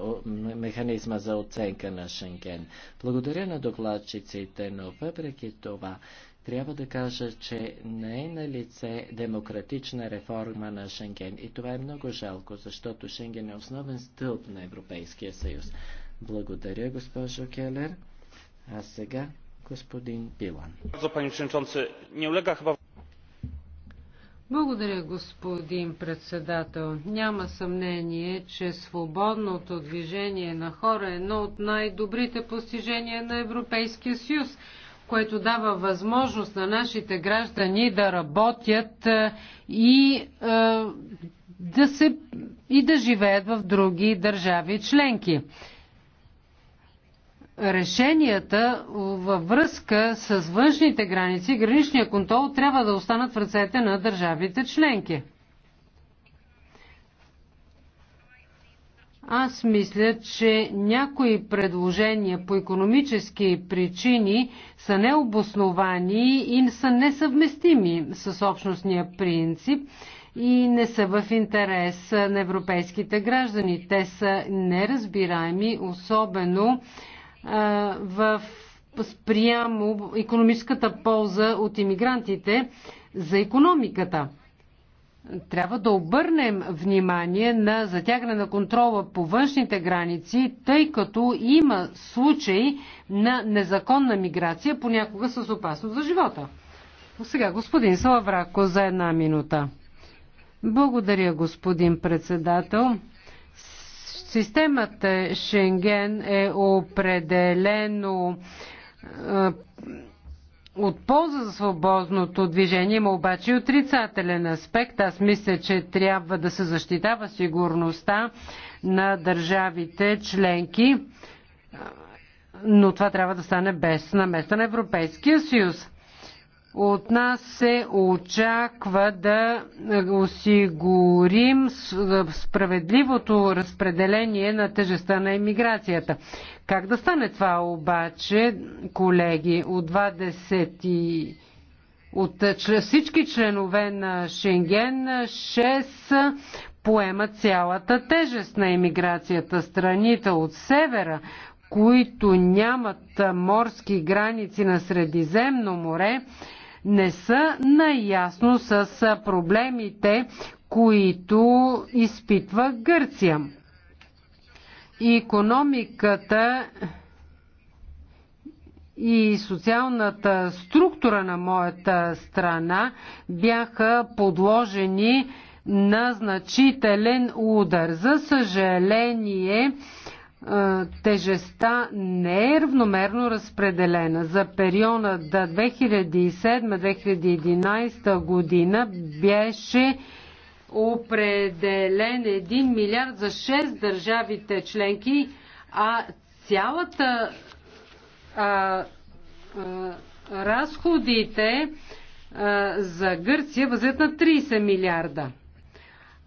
механизма за оценка на Шенген. Благодаря на докладчиците, но въпреки това трябва да кажа, че не е на лице демократична реформа на Шенген. И това е много жалко, защото Шенген е основен стълб на Европейския съюз. Благодаря, госпожо Келер. А сега господин Билан. Благодаря, господин председател. Няма съмнение, че свободното движение на хора е едно от най-добрите постижения на Европейския съюз, което дава възможност на нашите граждани да работят е, и е, да, се, и да живеят в други държави членки решенията във връзка с външните граници и граничния контрол трябва да останат в ръцете на държавите членки. Аз мисля, че някои предложения по економически причини са необосновани и са несъвместими с общностния принцип и не са в интерес на европейските граждани. Те са неразбираеми, особено в спрямо економическата полза от иммигрантите за економиката. Трябва да обърнем внимание на затягане на контрола по външните граници, тъй като има случаи на незаконна миграция, понякога с опасност за живота. Сега господин Салаврако за една минута. Благодаря, господин председател. Системата Шенген е определено от полза за свободното движение има обаче и отрицателен аспект. Аз мисля, че трябва да се защитава сигурността на държавите членки, но това трябва да стане без наместа на Европейския съюз. От нас се очаква да осигурим е, справедливото разпределение на тежестта на емиграцията. Как да стане това обаче, колеги, от 20 и... От е, всички членове на Шенген 6 поемат цялата тежест на емиграцията. Страните от севера, които нямат морски граници на Средиземно море, не са наясно с проблемите, които изпитва Гърция. И економиката и социалната структура на моята страна бяха подложени на значителен удар. За съжаление, тежестта не е равномерно разпределена. За периода до 2007-2011 година беше определен 1 милиард за 6 държавите членки, а цялата а, а, разходите а, за Гърция възят на 30 милиарда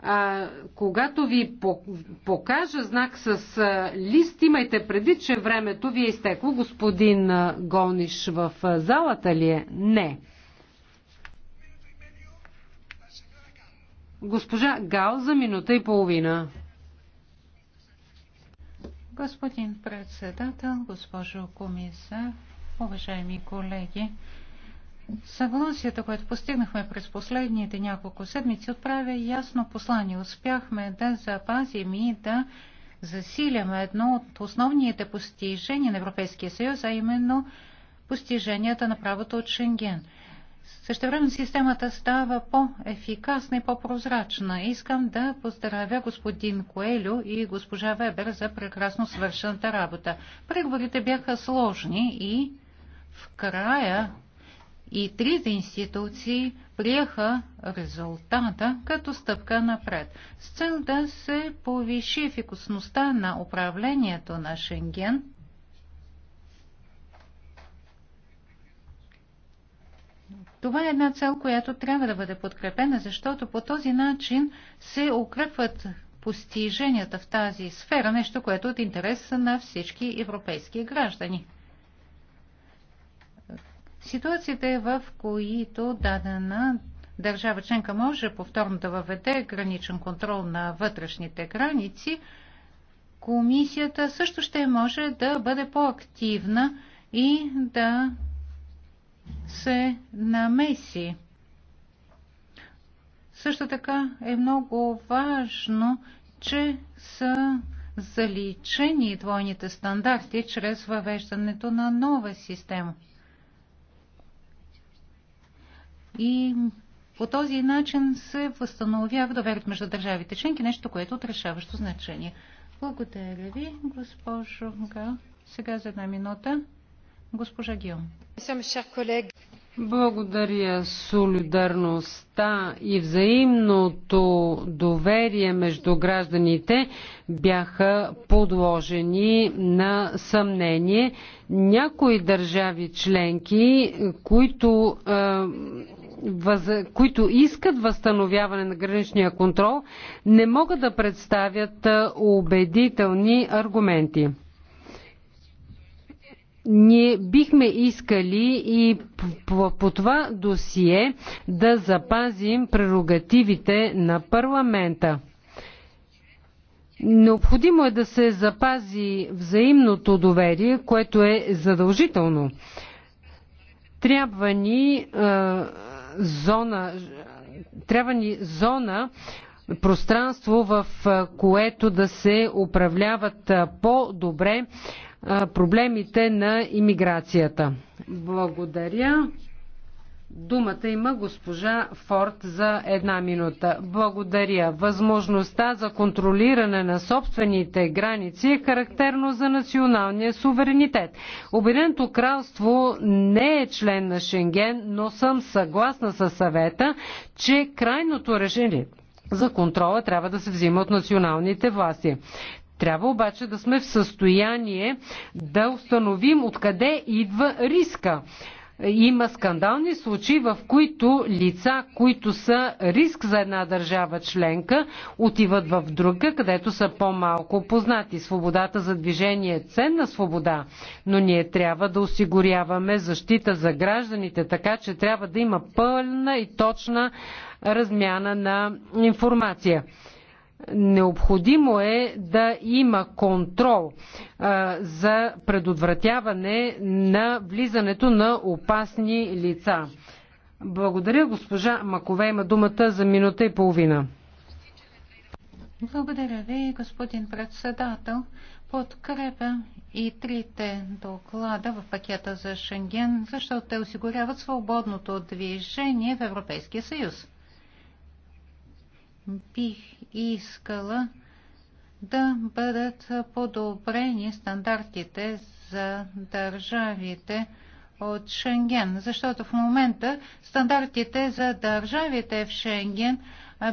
а, когато ви покажа знак с а, лист, имайте преди, че времето ви е изтекло. Господин а, Гониш в а, залата ли е? Не. Госпожа Гал за минута и половина. Господин председател, госпожо комисар, уважаеми колеги, Съгласието, което постигнахме през последните няколко седмици, отправя ясно послание. Успяхме да запазим и да засиляме едно от основните постижения на Европейския съюз, а именно постиженията на правото от Шенген. време системата става по-ефикасна и по-прозрачна. Искам да поздравя господин Коелю и госпожа Вебер за прекрасно свършената работа. Преговорите бяха сложни и в края и трите институции приеха резултата като стъпка напред, с цел да се повиши ефикусността на управлението на Шенген Това е една цел, която трябва да бъде подкрепена, защото по този начин се укрепват постиженията в тази сфера, нещо, което е от интерес на всички европейски граждани. Ситуациите, в които дадена държава членка може повторно да въведе граничен контрол на вътрешните граници, комисията също ще може да бъде по-активна и да се намеси. Също така е много важно, че са заличени двойните стандарти чрез въвеждането на нова система – И по този начин се възстановява доверието между държавите членки, нещо, което е от решаващо значение. Благодаря ви, госпожо Га. Сега за една минута. Госпожа Гион. Благодаря солидарността и взаимното доверие между гражданите бяха подложени на съмнение. Някои държави членки, които е, въз... които искат възстановяване на граничния контрол, не могат да представят убедителни аргументи. Ние бихме искали и по, по това досие да запазим прерогативите на парламента. Необходимо е да се запази взаимното доверие, което е задължително. Трябва ни зона, трябва ни зона, пространство, в което да се управляват по-добре проблемите на имиграцията. Благодаря. Думата има госпожа Форд за една минута. Благодаря. Възможността за контролиране на собствените граници е характерно за националния суверенитет. Обединеното кралство не е член на Шенген, но съм съгласна със съвета, че крайното решение за контрола трябва да се взима от националните власти. Трябва обаче да сме в състояние да установим откъде идва риска има скандални случаи, в които лица, които са риск за една държава членка, отиват в друга, където са по-малко познати. Свободата за движение е ценна свобода, но ние трябва да осигуряваме защита за гражданите, така че трябва да има пълна и точна размяна на информация. Необходимо е да има контрол а, за предотвратяване на влизането на опасни лица. Благодаря, госпожа Макове. Има думата за минута и половина. Благодаря ви, господин председател. Подкрепя и трите доклада в пакета за Шенген, защото те осигуряват свободното движение в Европейския съюз бих искала да бъдат подобрени стандартите за държавите от Шенген, защото в момента стандартите за държавите в Шенген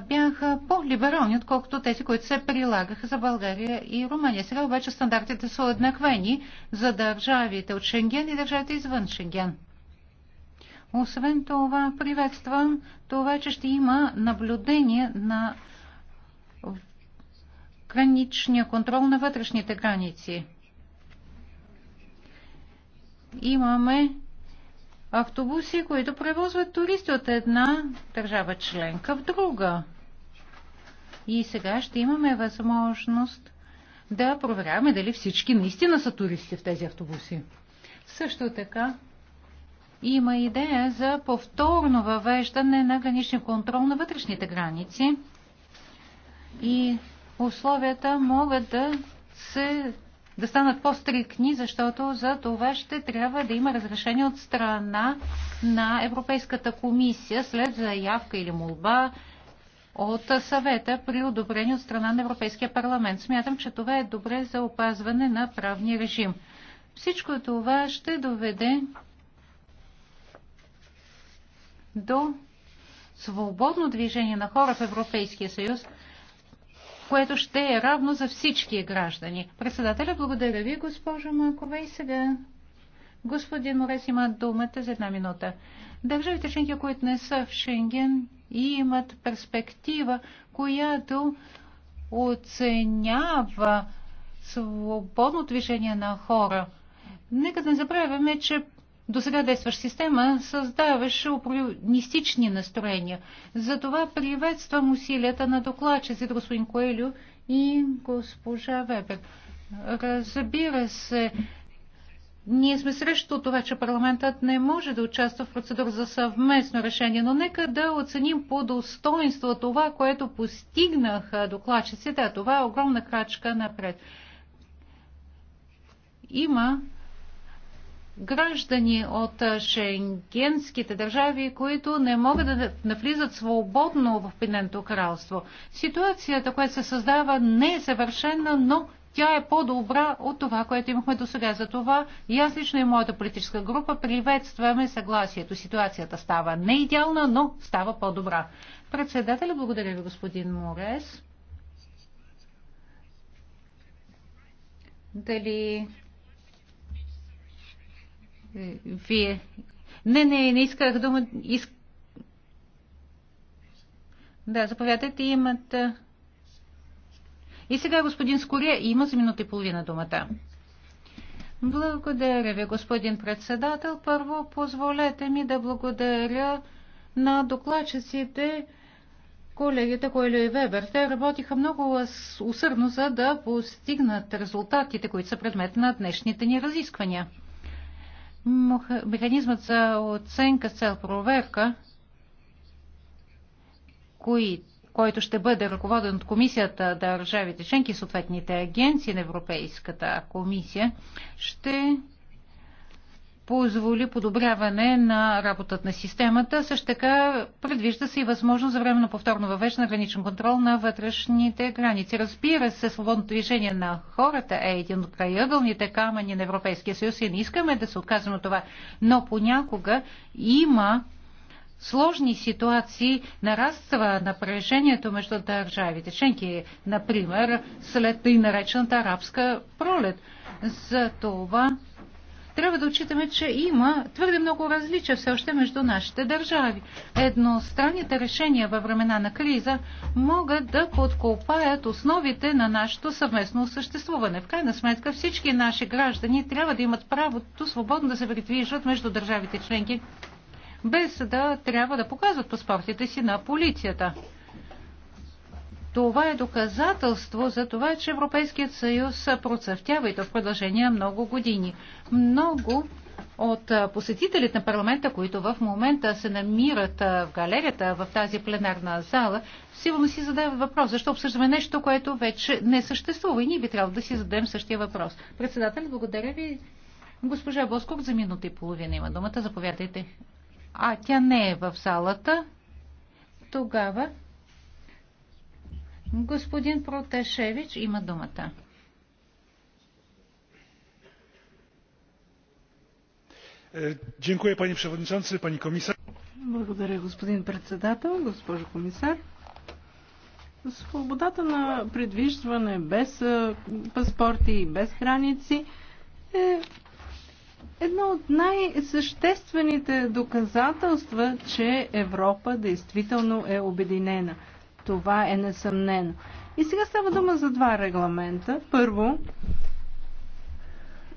бяха по-либерални, отколкото тези, които се прилагаха за България и Румъния. Сега обаче стандартите са уеднаквени за държавите от Шенген и държавите извън Шенген. Освен това, приветствам това, че ще има наблюдение на граничния контрол на вътрешните граници. Имаме автобуси, които превозват туристи от една държава членка в друга. И сега ще имаме възможност да проверяваме дали всички наистина са туристи в тези автобуси. Също така има идея за повторно въвеждане на граничен контрол на вътрешните граници и условията могат да се да станат по-стрикни, защото за това ще трябва да има разрешение от страна на Европейската комисия след заявка или молба от съвета при одобрение от страна на Европейския парламент. Смятам, че това е добре за опазване на правния режим. Всичко това ще доведе до свободно движение на хора в Европейския съюз, което ще е равно за всички граждани. Председателя, благодаря ви, госпожа Макова. И сега господин Морес има думата за една минута. Държавите членки, които не са в Шенген, имат перспектива, която оценява свободно движение на хора. Нека да не забравяме, че до сега действаш система създаваше опронистични настроения. Затова приветствам усилията на докладчиците господин Коелю и госпожа Вебер. Разбира се, ние сме срещу това, че парламентът не може да участва в процедура за съвместно решение, но нека да оценим по достоинство това, което постигнаха докладчиците, това е огромна крачка напред. Има граждани от шенгенските държави, които не могат да навлизат свободно в Обединеното кралство. Ситуацията, която се създава, не е съвършена, но тя е по-добра от това, което имахме до сега. За това и аз лично и моята политическа група приветстваме съгласието. Ситуацията става не идеална, но става по-добра. Председателя, благодаря ви, господин Морес. Дали вие... Не, не, не исках дума... Иск... Да, заповядайте, имат... И сега господин Скория има за минута и половина думата. Благодаря ви, господин председател. Първо, позволете ми да благодаря на докладчиците, колегите Койлю и Вебер. Те работиха много усърдно, за да постигнат резултатите, които са предмет на днешните ни разисквания механизмът за оценка с цел проверка, кои, който ще бъде ръководен от комисията, държавите членки, съответните агенции на Европейската комисия, ще позволи подобряване на работата на системата. Също така предвижда се и възможност за време на повторно въвеждане на граничен контрол на вътрешните граници. Разбира се, свободното движение на хората е един от краягълните камъни на Европейския съюз и не искаме да се отказваме от това, но понякога има сложни ситуации нараства напрежението между държавите. Ченки, например, след и наречената арабска пролет. За това трябва да отчитаме, че има твърде много различия все още между нашите държави. Едностранните решения във времена на криза могат да подкопаят основите на нашето съвместно съществуване. В крайна сметка всички наши граждани трябва да имат правото свободно да се придвижват между държавите членки, без да трябва да показват паспортите си на полицията. Това е доказателство за това, че Европейският съюз процъфтява и то в продължение много години. Много от посетителите на парламента, които в момента се намират в галерията, в тази пленарна зала, сигурно си задават въпрос, защо обсъждаме нещо, което вече не съществува и ние би трябвало да си зададем същия въпрос. Председател, благодаря ви. Госпожа Боскок за минута и половина има думата. Заповядайте. А, тя не е в залата. Тогава Господин Протешевич има думата. Dziękuję е, panie przewodniczący, pani komisarz. Благодаря, господин председател, госпожо комисар. Свободата на предвиждане без е, паспорти и без граници е едно от най-съществените доказателства, че Европа действително е обединена – това е несъмнено. И сега става дума за два регламента. Първо,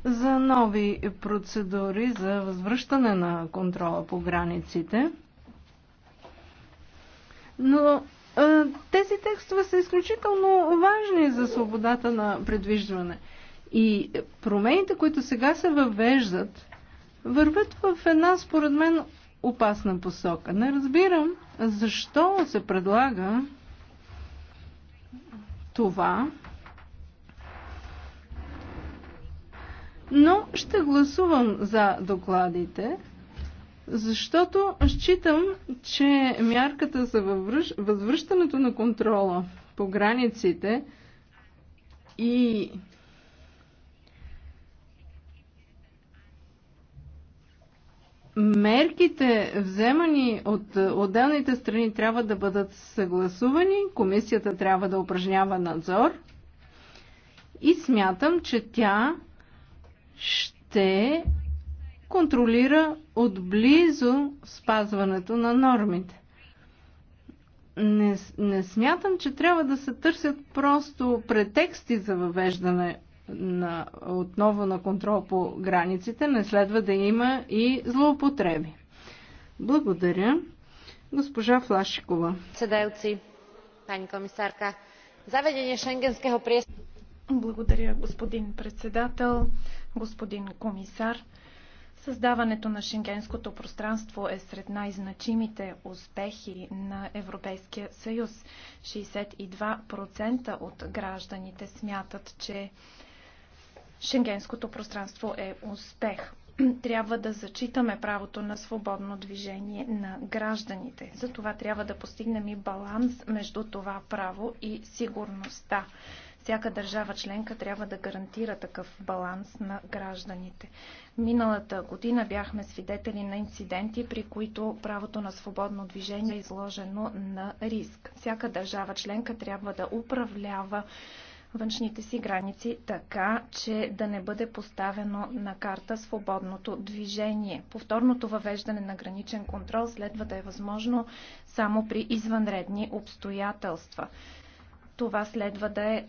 за нови процедури за възвръщане на контрола по границите. Но тези текстове са изключително важни за свободата на предвиждане. И промените, които сега се въвеждат, вървят в една, според мен, опасна посока. Не разбирам защо се предлага това, но ще гласувам за докладите, защото считам, че мярката за възвръщането на контрола по границите и мерките, вземани от е, отделните страни, трябва да бъдат съгласувани, комисията трябва да упражнява надзор и смятам, че тя ще контролира отблизо спазването на нормите. Не, не смятам, че трябва да се търсят просто претексти за въвеждане на, отново на контрол по границите, не следва да има и злоупотреби. Благодаря. Госпожа Флашикова. Седелци, пани комисарка, заведение шенгенского приестора. Благодаря, господин председател, господин комисар. Създаването на шенгенското пространство е сред най-значимите успехи на Европейския съюз. 62% от гражданите смятат, че Шенгенското пространство е успех. Трябва да зачитаме правото на свободно движение на гражданите. За това трябва да постигнем и баланс между това право и сигурността. Всяка държава членка трябва да гарантира такъв баланс на гражданите. Миналата година бяхме свидетели на инциденти, при които правото на свободно движение е изложено на риск. Всяка държава членка трябва да управлява външните си граници така, че да не бъде поставено на карта свободното движение. Повторното въвеждане на граничен контрол следва да е възможно само при извънредни обстоятелства. Това следва да е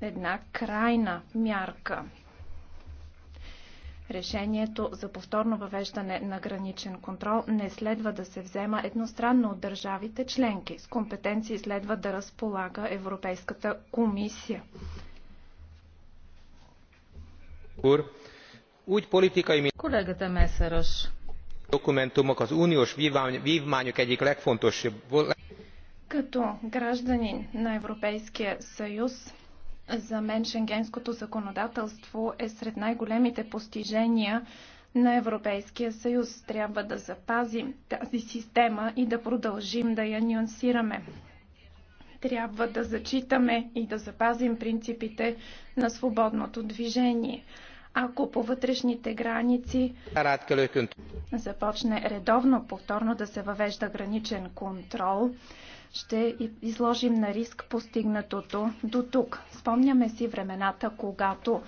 една крайна мярка. Решението за повторно въвеждане на граничен контрол не следва да се взема едностранно от държавите членки. С компетенции следва да разполага Европейската комисия. Колегата Месарош. Като гражданин на Европейския съюз, за мен шенгенското законодателство е сред най-големите постижения на Европейския съюз. Трябва да запазим тази система и да продължим да я нюансираме. Трябва да зачитаме и да запазим принципите на свободното движение ако по вътрешните граници започне редовно повторно да се въвежда граничен контрол, ще изложим на риск постигнатото до тук. Спомняме си времената, когато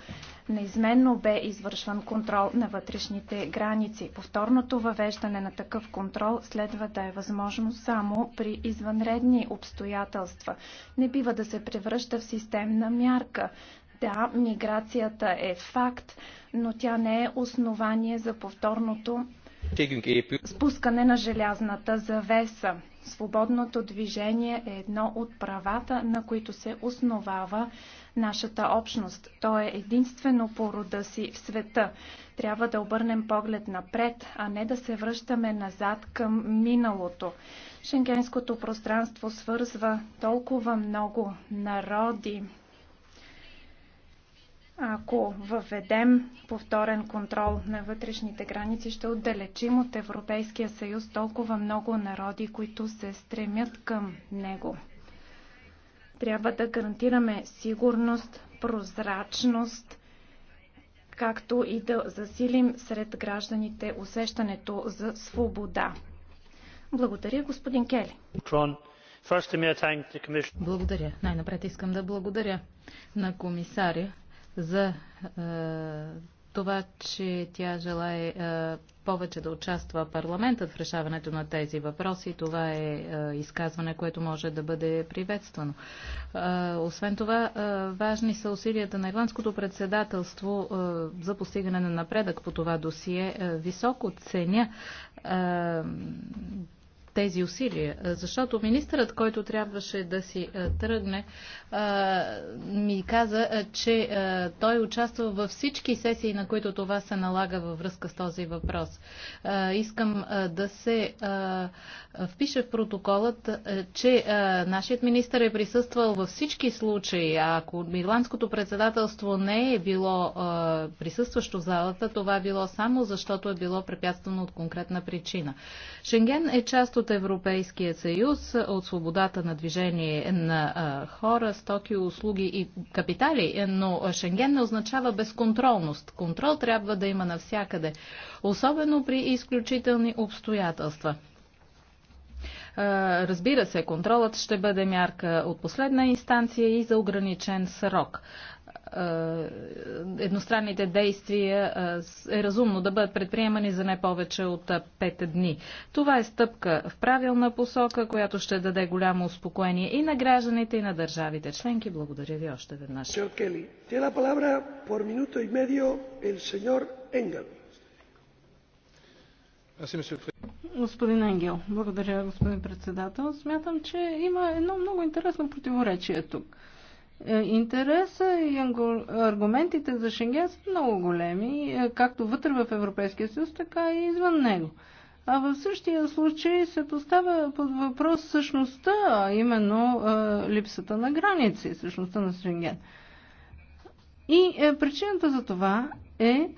неизменно бе извършван контрол на вътрешните граници. Повторното въвеждане на такъв контрол следва да е възможно само при извънредни обстоятелства. Не бива да се превръща в системна мярка. Да, миграцията е факт, но тя не е основание за повторното е Спускане на желязната завеса. Свободното движение е едно от правата, на които се основава нашата общност. То е единствено по рода си в света. Трябва да обърнем поглед напред, а не да се връщаме назад към миналото. Шенгенското пространство свързва толкова много народи, ако въведем повторен контрол на вътрешните граници, ще отдалечим от Европейския съюз толкова много народи, които се стремят към него. Трябва да гарантираме сигурност, прозрачност, както и да засилим сред гражданите усещането за свобода. Благодаря, господин Кели. Благодаря. Най-напред искам да благодаря на комисаря за е, това, че тя желае е, повече да участва парламентът в решаването на тези въпроси. Това е, е изказване, което може да бъде приветствано. Освен това, важни са усилията на ирландското председателство за постигане на напредък по това досие. Високо ценя тези усилия, защото министърът, който трябваше да си тръгне, ми каза, че той участва във всички сесии, на които това се налага във връзка с този въпрос. Искам да се впише в протоколът, че нашият министър е присъствал във всички случаи. А ако Ирландското председателство не е било присъстващо в залата, това е било само защото е било препятствано от конкретна причина. Шенген е част от от Европейския съюз, от свободата на движение на хора, стоки, услуги и капитали, но Шенген не означава безконтролност. Контрол трябва да има навсякъде, особено при изключителни обстоятелства. Разбира се, контролът ще бъде мярка от последна инстанция и за ограничен срок. Е, едностранните действия е, е разумно да бъдат предприемани за не повече от 5 е, дни. Това е стъпка в правилна посока, която ще даде голямо успокоение и на гражданите, и на държавите членки. Благодаря ви още веднъж. Господин Енгел, благодаря, господин председател. Смятам, че има едно много интересно противоречие тук. Е, интереса и аргументите за Шенген са много големи, е, както вътре в Европейския съюз, така и извън него. А в същия случай се поставя под въпрос същността, а именно е, липсата на граници, същността на Шенген. И е, причината за това е,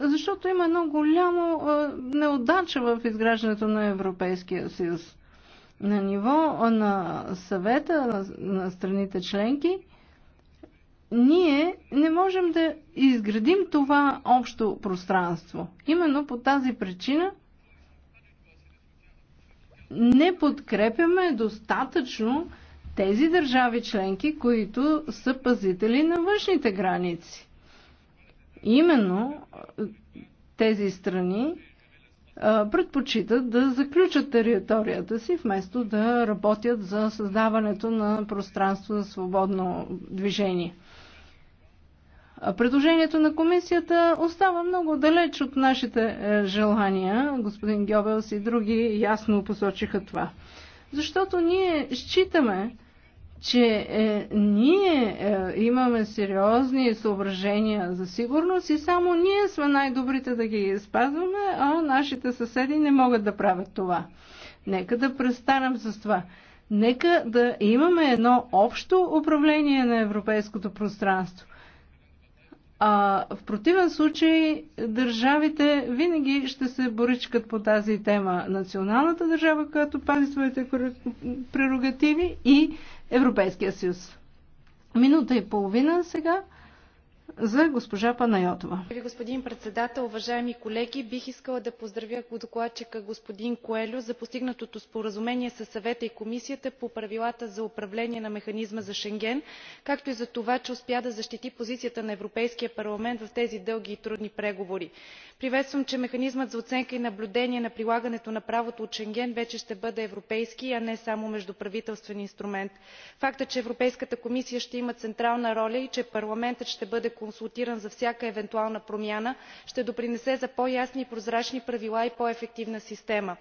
защото има едно голямо е, неудача в изграждането на Европейския съюз. На ниво на съвета на страните членки, ние не можем да изградим това общо пространство. Именно по тази причина не подкрепяме достатъчно тези държави членки, които са пазители на външните граници. Именно тези страни предпочитат да заключат територията си, вместо да работят за създаването на пространство за свободно движение. Предложението на комисията остава много далеч от нашите е, желания. Господин Гьобелс и други ясно посочиха това. Защото ние считаме, че е, ние е, имаме сериозни съображения за сигурност и само ние сме най-добрите да ги спазваме, а нашите съседи не могат да правят това. Нека да престанем с това. Нека да имаме едно общо управление на европейското пространство. А в противен случай държавите винаги ще се боричкат по тази тема. Националната държава, която пази своите прерогативи и Европейския съюз. Минута и половина сега за госпожа Панайотова. Благодаря господин председател, уважаеми колеги. Бих искала да поздравя докладчика господин Коелю за постигнатото споразумение с съвета и комисията по правилата за управление на механизма за Шенген, както и за това, че успя да защити позицията на Европейския парламент в тези дълги и трудни преговори. Приветствам, че механизмът за оценка и наблюдение на прилагането на правото от Шенген вече ще бъде европейски, а не само междуправителствен инструмент. Факта, че Европейската комисия ще има централна роля и че парламентът ще бъде консултиран за всяка евентуална промяна ще допринесе за по ясни и прозрачни правила и по ефективна система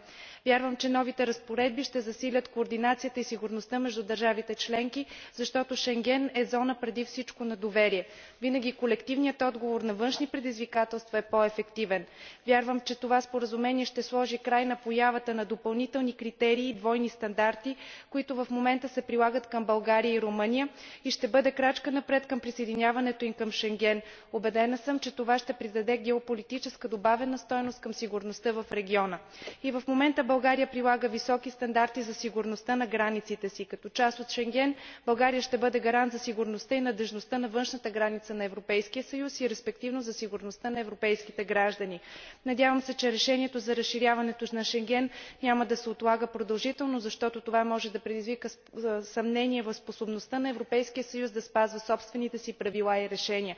вярвам че новите разпоредби ще засилят координацията и сигурността между държавите членки защото шенген е зона преди всичко на доверие. винаги колективният отговор на външни предизвикателства е по ефективен. вярвам че това споразумение ще сложи край на появата на допълнителни критерии и двойни стандарти които в момента се прилагат към българя и румъния и ще бъде крачка напред към присъединяването им към шенген. убедена съм че това ще придаде геополитическа добавена стойност към сигурността в региона. и в момента българия прилага високи стандарти за сигурността на границите си. като част от шенген българия ще бъде гарант за сигурността и надеждността на външната граница на европейския съюз и респективно за сигурността на европейските граждани. надявам се че решението за разширяването на шенген няма да се отлага продължително защото това може да предизвика съмнение в способността на европейския съюз да спазва собствените си правила и решения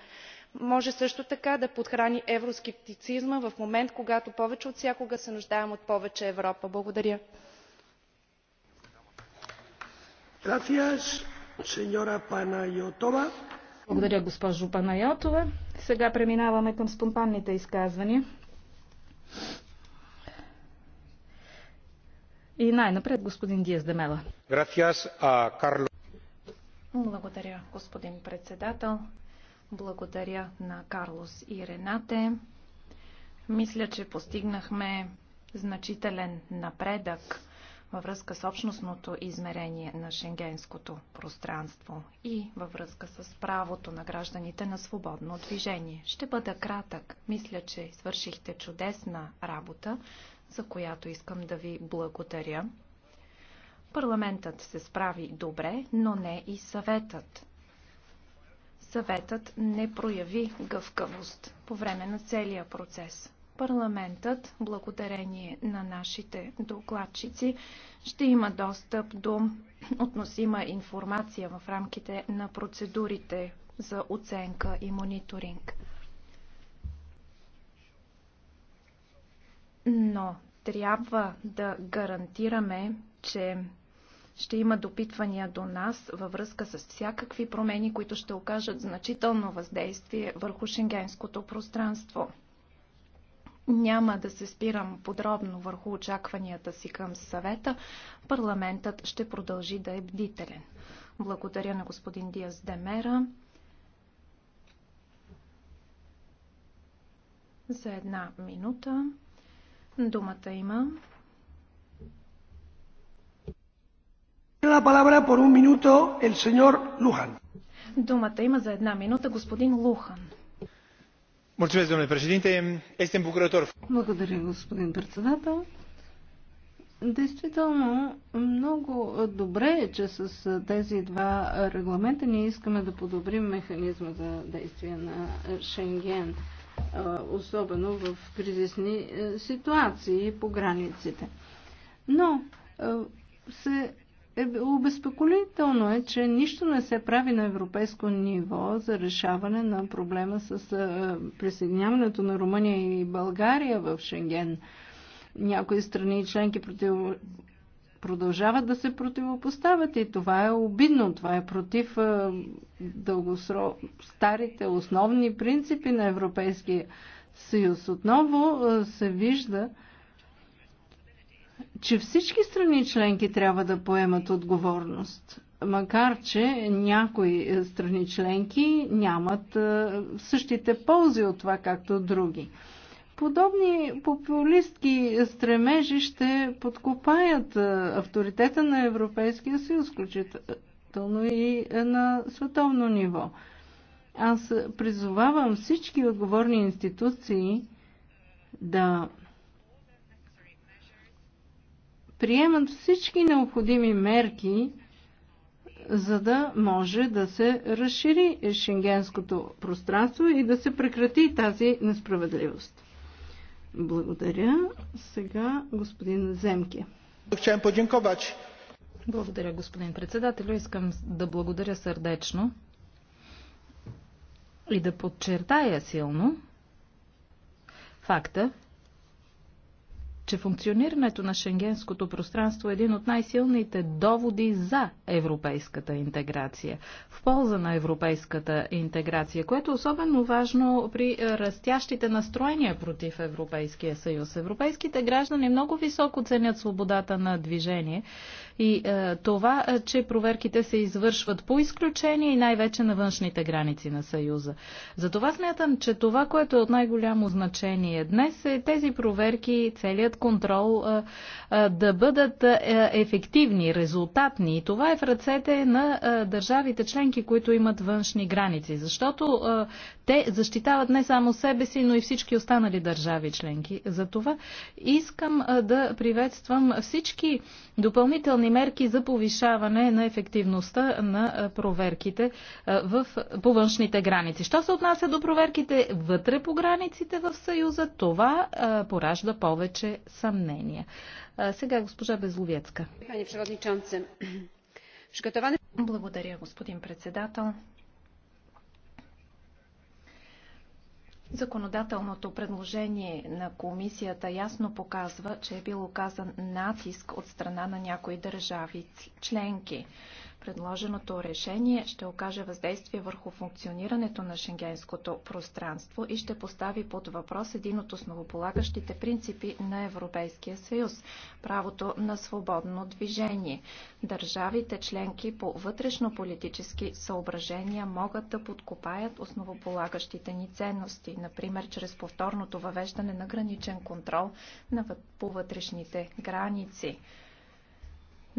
може също така да подхрани евроскептицизма в момент когато повече от всякога се нуждаем от повече европа. благодаря. Благодаря, госпожо Панайотова. Сега преминаваме към спонтанните изказвания. И най-напред господин Диас Демела. Благодаря, господин председател. Благодаря на Карлос и Ренате. Мисля, че постигнахме значителен напредък във връзка с общностното измерение на шенгенското пространство и във връзка с правото на гражданите на свободно движение. Ще бъда кратък. Мисля, че свършихте чудесна работа, за която искам да ви благодаря. Парламентът се справи добре, но не и съветът. Съветът не прояви гъвкавост по време на целия процес. Парламентът, благодарение на нашите докладчици, ще има достъп до относима информация в рамките на процедурите за оценка и мониторинг. Но трябва да гарантираме, че ще има допитвания до нас във връзка с всякакви промени, които ще окажат значително въздействие върху шенгенското пространство. Няма да се спирам подробно върху очакванията си към съвета. Парламентът ще продължи да е бдителен. Благодаря на господин Диас Демера за една минута. Думата има Думата има за една минута господин Лухан. Благодаря, господин председател. Действително, много добре е, че с тези два регламента ние искаме да подобрим механизма за действие на Шенген, особено в кризисни е, ситуации по границите. Но се е, обезпеколително е, че нищо не се прави на европейско ниво за решаване на проблема с е, присъединяването на Румъния и България в Шенген. Някои страни и членки против... продължават да се противопоставят и това е обидно. Това е против е, дългосро... старите основни принципи на Европейския съюз. Отново е, се вижда, е, че всички страни членки трябва да поемат отговорност. Макар, че някои е, страни членки нямат е, същите ползи от това, както други. Подобни популистки стремежи ще подкопаят е, авторитета на Европейския съюз, включително и на световно ниво. Аз призовавам всички отговорни институции да приемат всички необходими мерки, за да може да се разшири шенгенското пространство и да се прекрати тази несправедливост. Благодаря. Сега господин Земке. Благодаря, господин председател. Искам да благодаря сърдечно и да подчертая силно факта, че функционирането на шенгенското пространство е един от най-силните доводи за европейската интеграция, в полза на европейската интеграция, което е особено важно при растящите настроения против Европейския съюз. Европейските граждани много високо ценят свободата на движение, и е, това, е, че проверките се извършват по изключение и най-вече на външните граници на Съюза. Затова смятам, че това, което е от най-голямо значение днес е тези проверки, целият контрол е, е, да бъдат е, ефективни, резултатни. И това е в ръцете на е, държавите членки, които имат външни граници, защото е, те защитават не само себе си, но и всички останали държави членки. Затова искам е, да приветствам всички допълнителни предприемани мерки за повишаване на ефективността на проверките в, по външните граници. Що се отнася до проверките вътре по границите в Съюза, това поражда повече съмнения. Сега госпожа Безловецка. Благодаря, господин председател. Законодателното предложение на комисията ясно показва, че е бил оказан натиск от страна на някои държави членки. Предложеното решение ще окаже въздействие върху функционирането на шенгенското пространство и ще постави под въпрос един от основополагащите принципи на Европейския съюз – правото на свободно движение. Държавите членки по вътрешно-политически съображения могат да подкопаят основополагащите ни ценности, например чрез повторното въвеждане на граничен контрол на по вътрешните граници.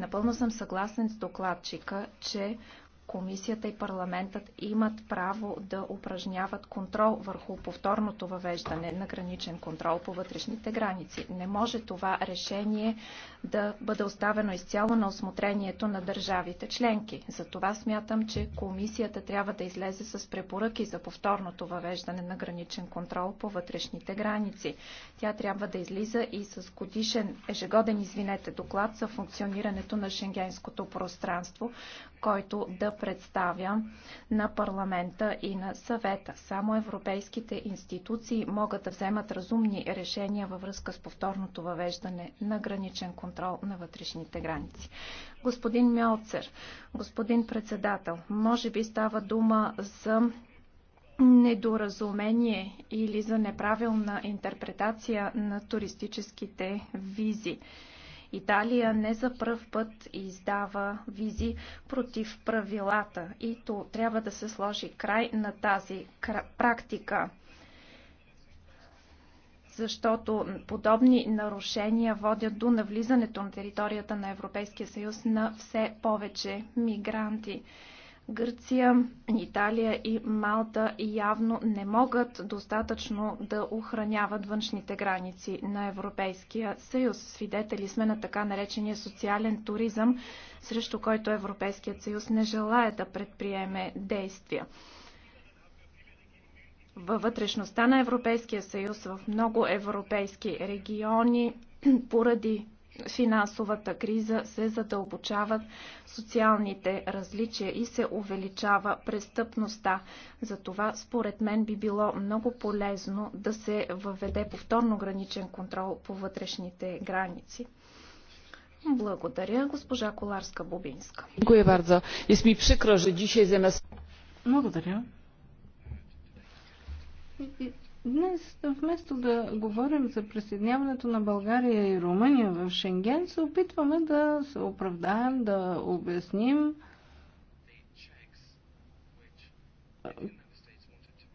Напълно съм съгласен с докладчика, че комисията и парламентът имат право да упражняват контрол върху повторното въвеждане на граничен контрол по вътрешните граници. Не може това решение да бъде оставено изцяло на осмотрението на държавите членки. Затова смятам, че комисията трябва да излезе с препоръки за повторното въвеждане на граничен контрол по вътрешните граници. Тя трябва да излиза и с годишен, ежегоден, извинете, доклад за функционирането на шенгенското пространство, който да представя на парламента и на съвета. Само европейските институции могат да вземат разумни решения във връзка с повторното въвеждане на граничен контрол на вътрешните граници. Господин Мелцер, господин председател, може би става дума за недоразумение или за неправилна интерпретация на туристическите визи. Италия не за пръв път издава визи против правилата и то трябва да се сложи край на тази практика защото подобни нарушения водят до навлизането на територията на Европейския съюз на все повече мигранти. Гърция, Италия и Малта явно не могат достатъчно да охраняват външните граници на Европейския съюз. Свидетели сме на така наречения социален туризъм, срещу който Европейският съюз не желая да предприеме действия. Във вътрешността на Европейския съюз в много европейски региони поради финансовата криза се задълбочават социалните различия и се увеличава престъпността. Затова, според мен, би било много полезно да се въведе повторно граничен контрол по вътрешните граници. Благодаря, госпожа Коларска-Бубинска. Dziękuję Благодаря. Днес, вместо да говорим за присъединяването на България и Румъния в Шенген, се опитваме да се оправдаем, да обясним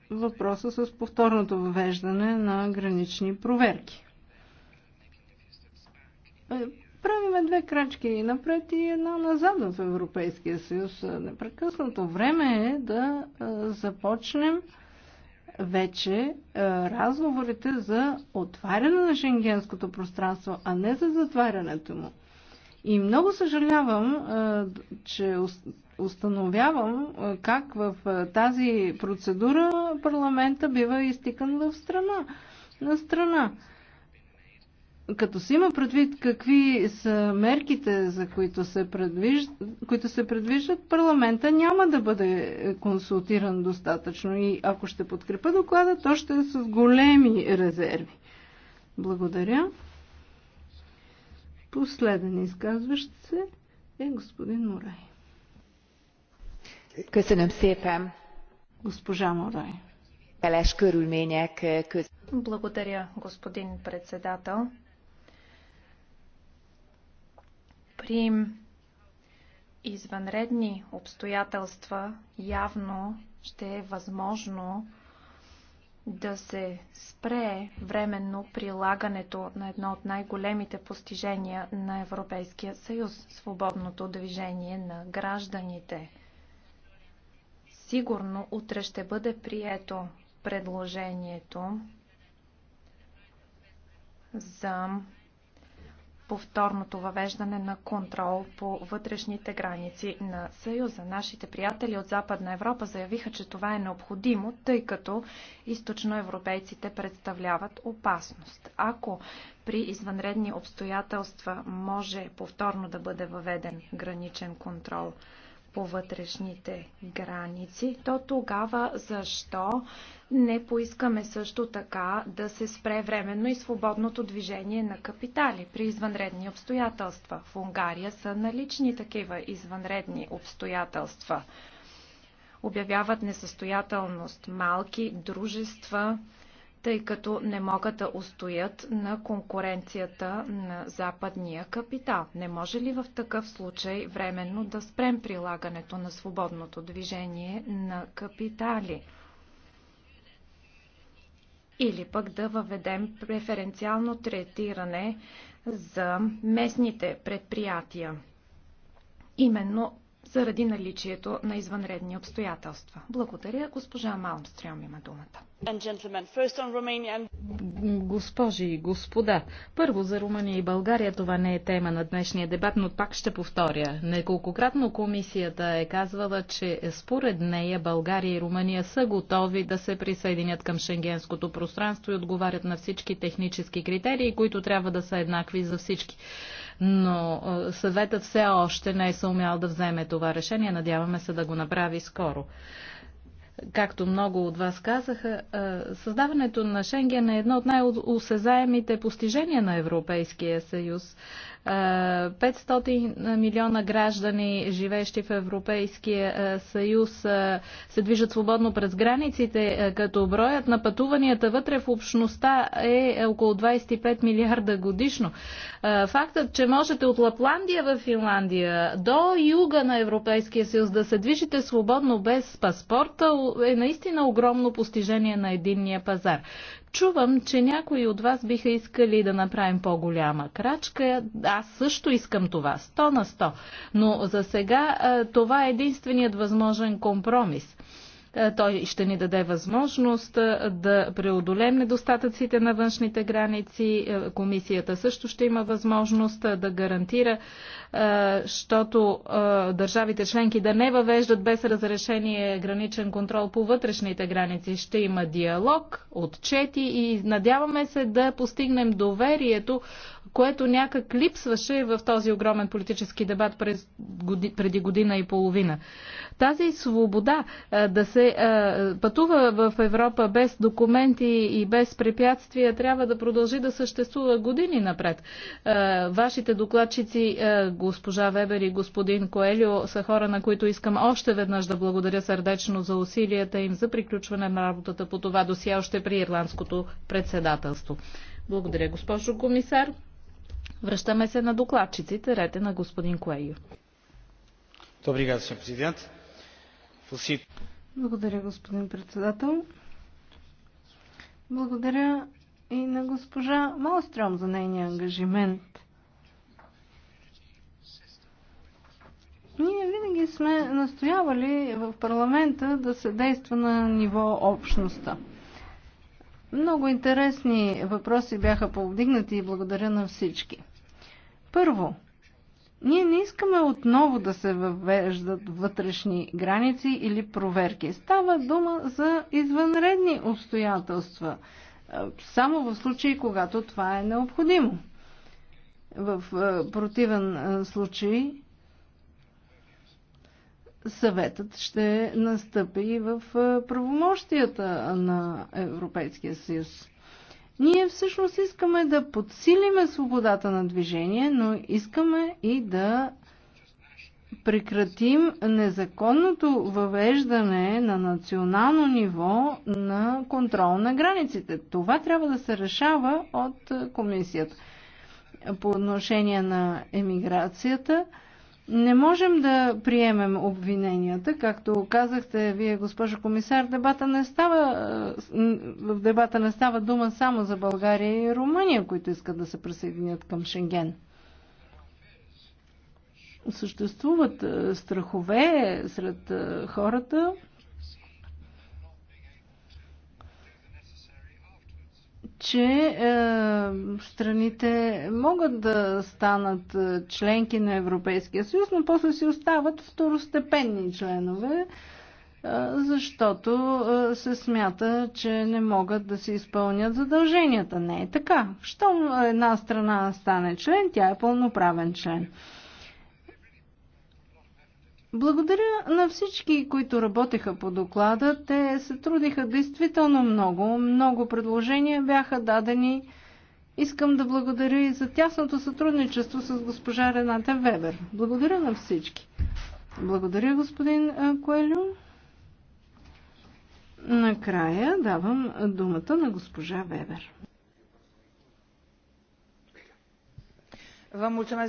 въпроса с повторното въвеждане на гранични проверки. Е, правиме две крачки напред и една назад в Европейския съюз. Непрекъснато време е да започнем вече е, разговорите за отваряне на шенгенското пространство, а не за затварянето му. И много съжалявам, е, че установявам е, как в тази процедура парламента бива изтикан в страна, на страна. Като се има предвид какви са мерките, за които се, предвижд... които се предвиждат, парламента няма да бъде консултиран достатъчно и ако ще подкрепа доклада, то ще е с големи резерви. Благодаря. Последен изказващ се е господин Морай. Köszönöm szépen. Госпожа Морай. Благодаря, господин председател. При извънредни обстоятелства явно ще е възможно да се спре временно прилагането на едно от най-големите постижения на Европейския съюз – свободното движение на гражданите. Сигурно утре ще бъде прието предложението за повторното въвеждане на контрол по вътрешните граници на Съюза. Нашите приятели от Западна Европа заявиха, че това е необходимо, тъй като източноевропейците представляват опасност. Ако при извънредни обстоятелства може повторно да бъде въведен граничен контрол по вътрешните граници, то тогава защо не поискаме също така да се спре временно и свободното движение на капитали при извънредни обстоятелства? В Унгария са налични такива извънредни обстоятелства. Обявяват несъстоятелност малки дружества, тъй като не могат да устоят на конкуренцията на западния капитал. Не може ли в такъв случай временно да спрем прилагането на свободното движение на капитали? Или пък да въведем преференциално третиране за местните предприятия. Именно заради наличието на извънредни обстоятелства. Благодаря. Госпожа Малмстрем има думата. Госпожи и господа, първо за Румъния и България това не е тема на днешния дебат, но пак ще повторя. Неколкократно комисията е казвала, че според нея България и Румъния са готови да се присъединят към шенгенското пространство и отговарят на всички технически критерии, които трябва да са еднакви за всички но съветът все още не е съумял да вземе това решение. Надяваме се да го направи скоро както много от вас казаха, създаването на Шенген е едно от най-осезаемите постижения на Европейския съюз. 500 милиона граждани, живещи в Европейския съюз, се движат свободно през границите, като броят на пътуванията вътре в общността е, е около 25 милиарда годишно. Фактът, че можете от Лапландия в Финландия до юга на Европейския съюз да се движите свободно без паспорта е наистина огромно постижение на единния пазар. Чувам, че някои от вас биха искали да направим по-голяма крачка. Аз също искам това, 100 на 100. Но за сега това е единственият възможен компромис. Е, той ще ни даде възможност е, да преодолем недостатъците на външните граници. Е, комисията също ще има възможност да гарантира, защото държавите членки да не въвеждат без разрешение граничен контрол по вътрешните граници. Ще има диалог, отчети и надяваме се да постигнем доверието което някак липсваше в този огромен политически дебат през годи, преди година и половина. Тази свобода да се пътува в Европа без документи и без препятствия трябва да продължи да съществува години напред. Вашите докладчици, госпожа Вебер и господин Коелио, са хора, на които искам още веднъж да благодаря сърдечно за усилията им за приключване на работата по това досие още при ирландското председателство. Благодаря, госпожо комисар. Връщаме се на докладчиците, рете на господин Куейо. Добре, господин президент. Благодаря, господин председател. Благодаря и на госпожа Малстром за нейния ангажимент. Ние винаги сме настоявали в парламента да се действа на ниво общността. Много интересни въпроси бяха повдигнати и благодаря на всички. Първо, ние не искаме отново да се въвеждат вътрешни граници или проверки. Става дума за извънредни обстоятелства, само в случай, когато това е необходимо. В противен случай съветът ще настъпи и в правомощията на Европейския съюз. Ние всъщност искаме да подсилиме свободата на движение, но искаме и да прекратим незаконното въвеждане на национално ниво на контрол на границите. Това трябва да се решава от комисията. По отношение на емиграцията, не можем да приемем обвиненията. Както казахте, вие, госпожо комисар, дебата не става, е, в дебата не става дума само за България и Румъния, които искат да се присъединят към Шенген. Съществуват е, страхове сред е, хората, че е, страните могат да станат е, членки на Европейския съюз, но после си остават второстепенни членове, е, защото е, се смята, че не могат да се изпълнят задълженията. Не е така. Щом една страна стане член, тя е пълноправен член. Благодаря на всички, които работеха по доклада. Те се трудиха действително много. Много предложения бяха дадени. Искам да благодаря и за тясното сътрудничество с госпожа Рената Вебер. Благодаря на всички. Благодаря, господин Коелю. Накрая давам думата на госпожа Вебер.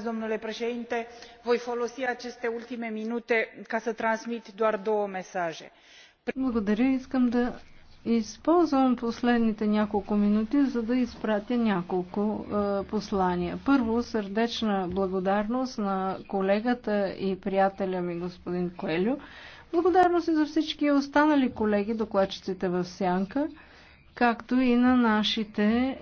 domnule președinte voi folosi aceste ultime minute ca să transmit doar două mesaje. Благодаря. Искам да използвам последните няколко минути, за да изпратя няколко е, послания. Първо, сърдечна благодарност на колегата и приятеля ми, господин Коелю. Благодарност и за всички останали колеги, докладчиците в Сянка, както и на нашите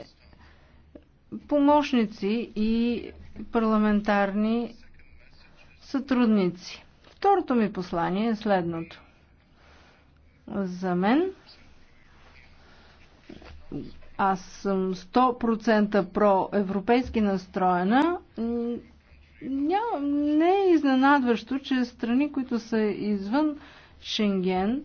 помощници и парламентарни сътрудници. Второто ми послание е следното. За мен аз съм 100% проевропейски настроена. не е изненадващо, че страни, които са извън Шенген,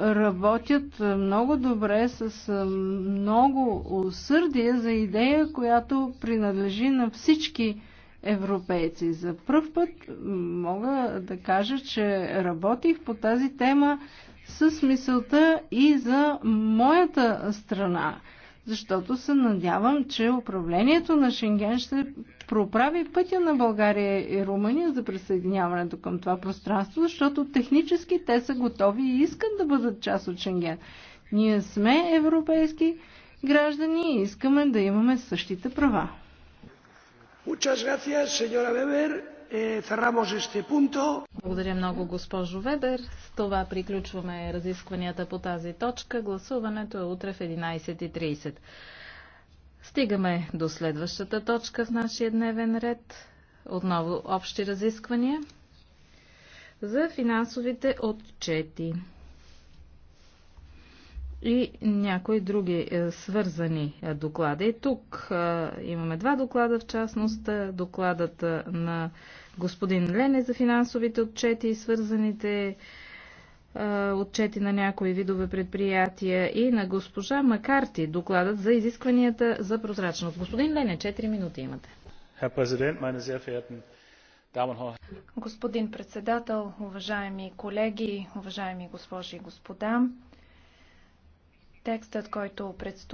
работят много добре с много усърдие за идея, която принадлежи на всички европейци. За първ път мога да кажа, че работих по тази тема с мисълта и за моята страна защото се надявам, че управлението на Шенген ще проправи пътя на България и Румъния за присъединяването към това пространство, защото технически те са готови и искат да бъдат част от Шенген. Ние сме европейски граждани и искаме да имаме същите права. Muchas gracias, señora Weber. Е, Благодаря много, госпожо Вебер. С това приключваме разискванията по тази точка. Гласуването е утре в 11.30. Стигаме до следващата точка в нашия дневен ред. Отново общи разисквания за финансовите отчети и някои други е, свързани е, доклади. Тук е, имаме два доклада, в частност докладът на господин Лене за финансовите отчети и свързаните отчети на някои видове предприятия и на госпожа Макарти докладът за изискванията за прозрачност. Господин Лене, 4 минути имате. Господин председател, уважаеми колеги, уважаеми госпожи и господа, Текстът, който предстои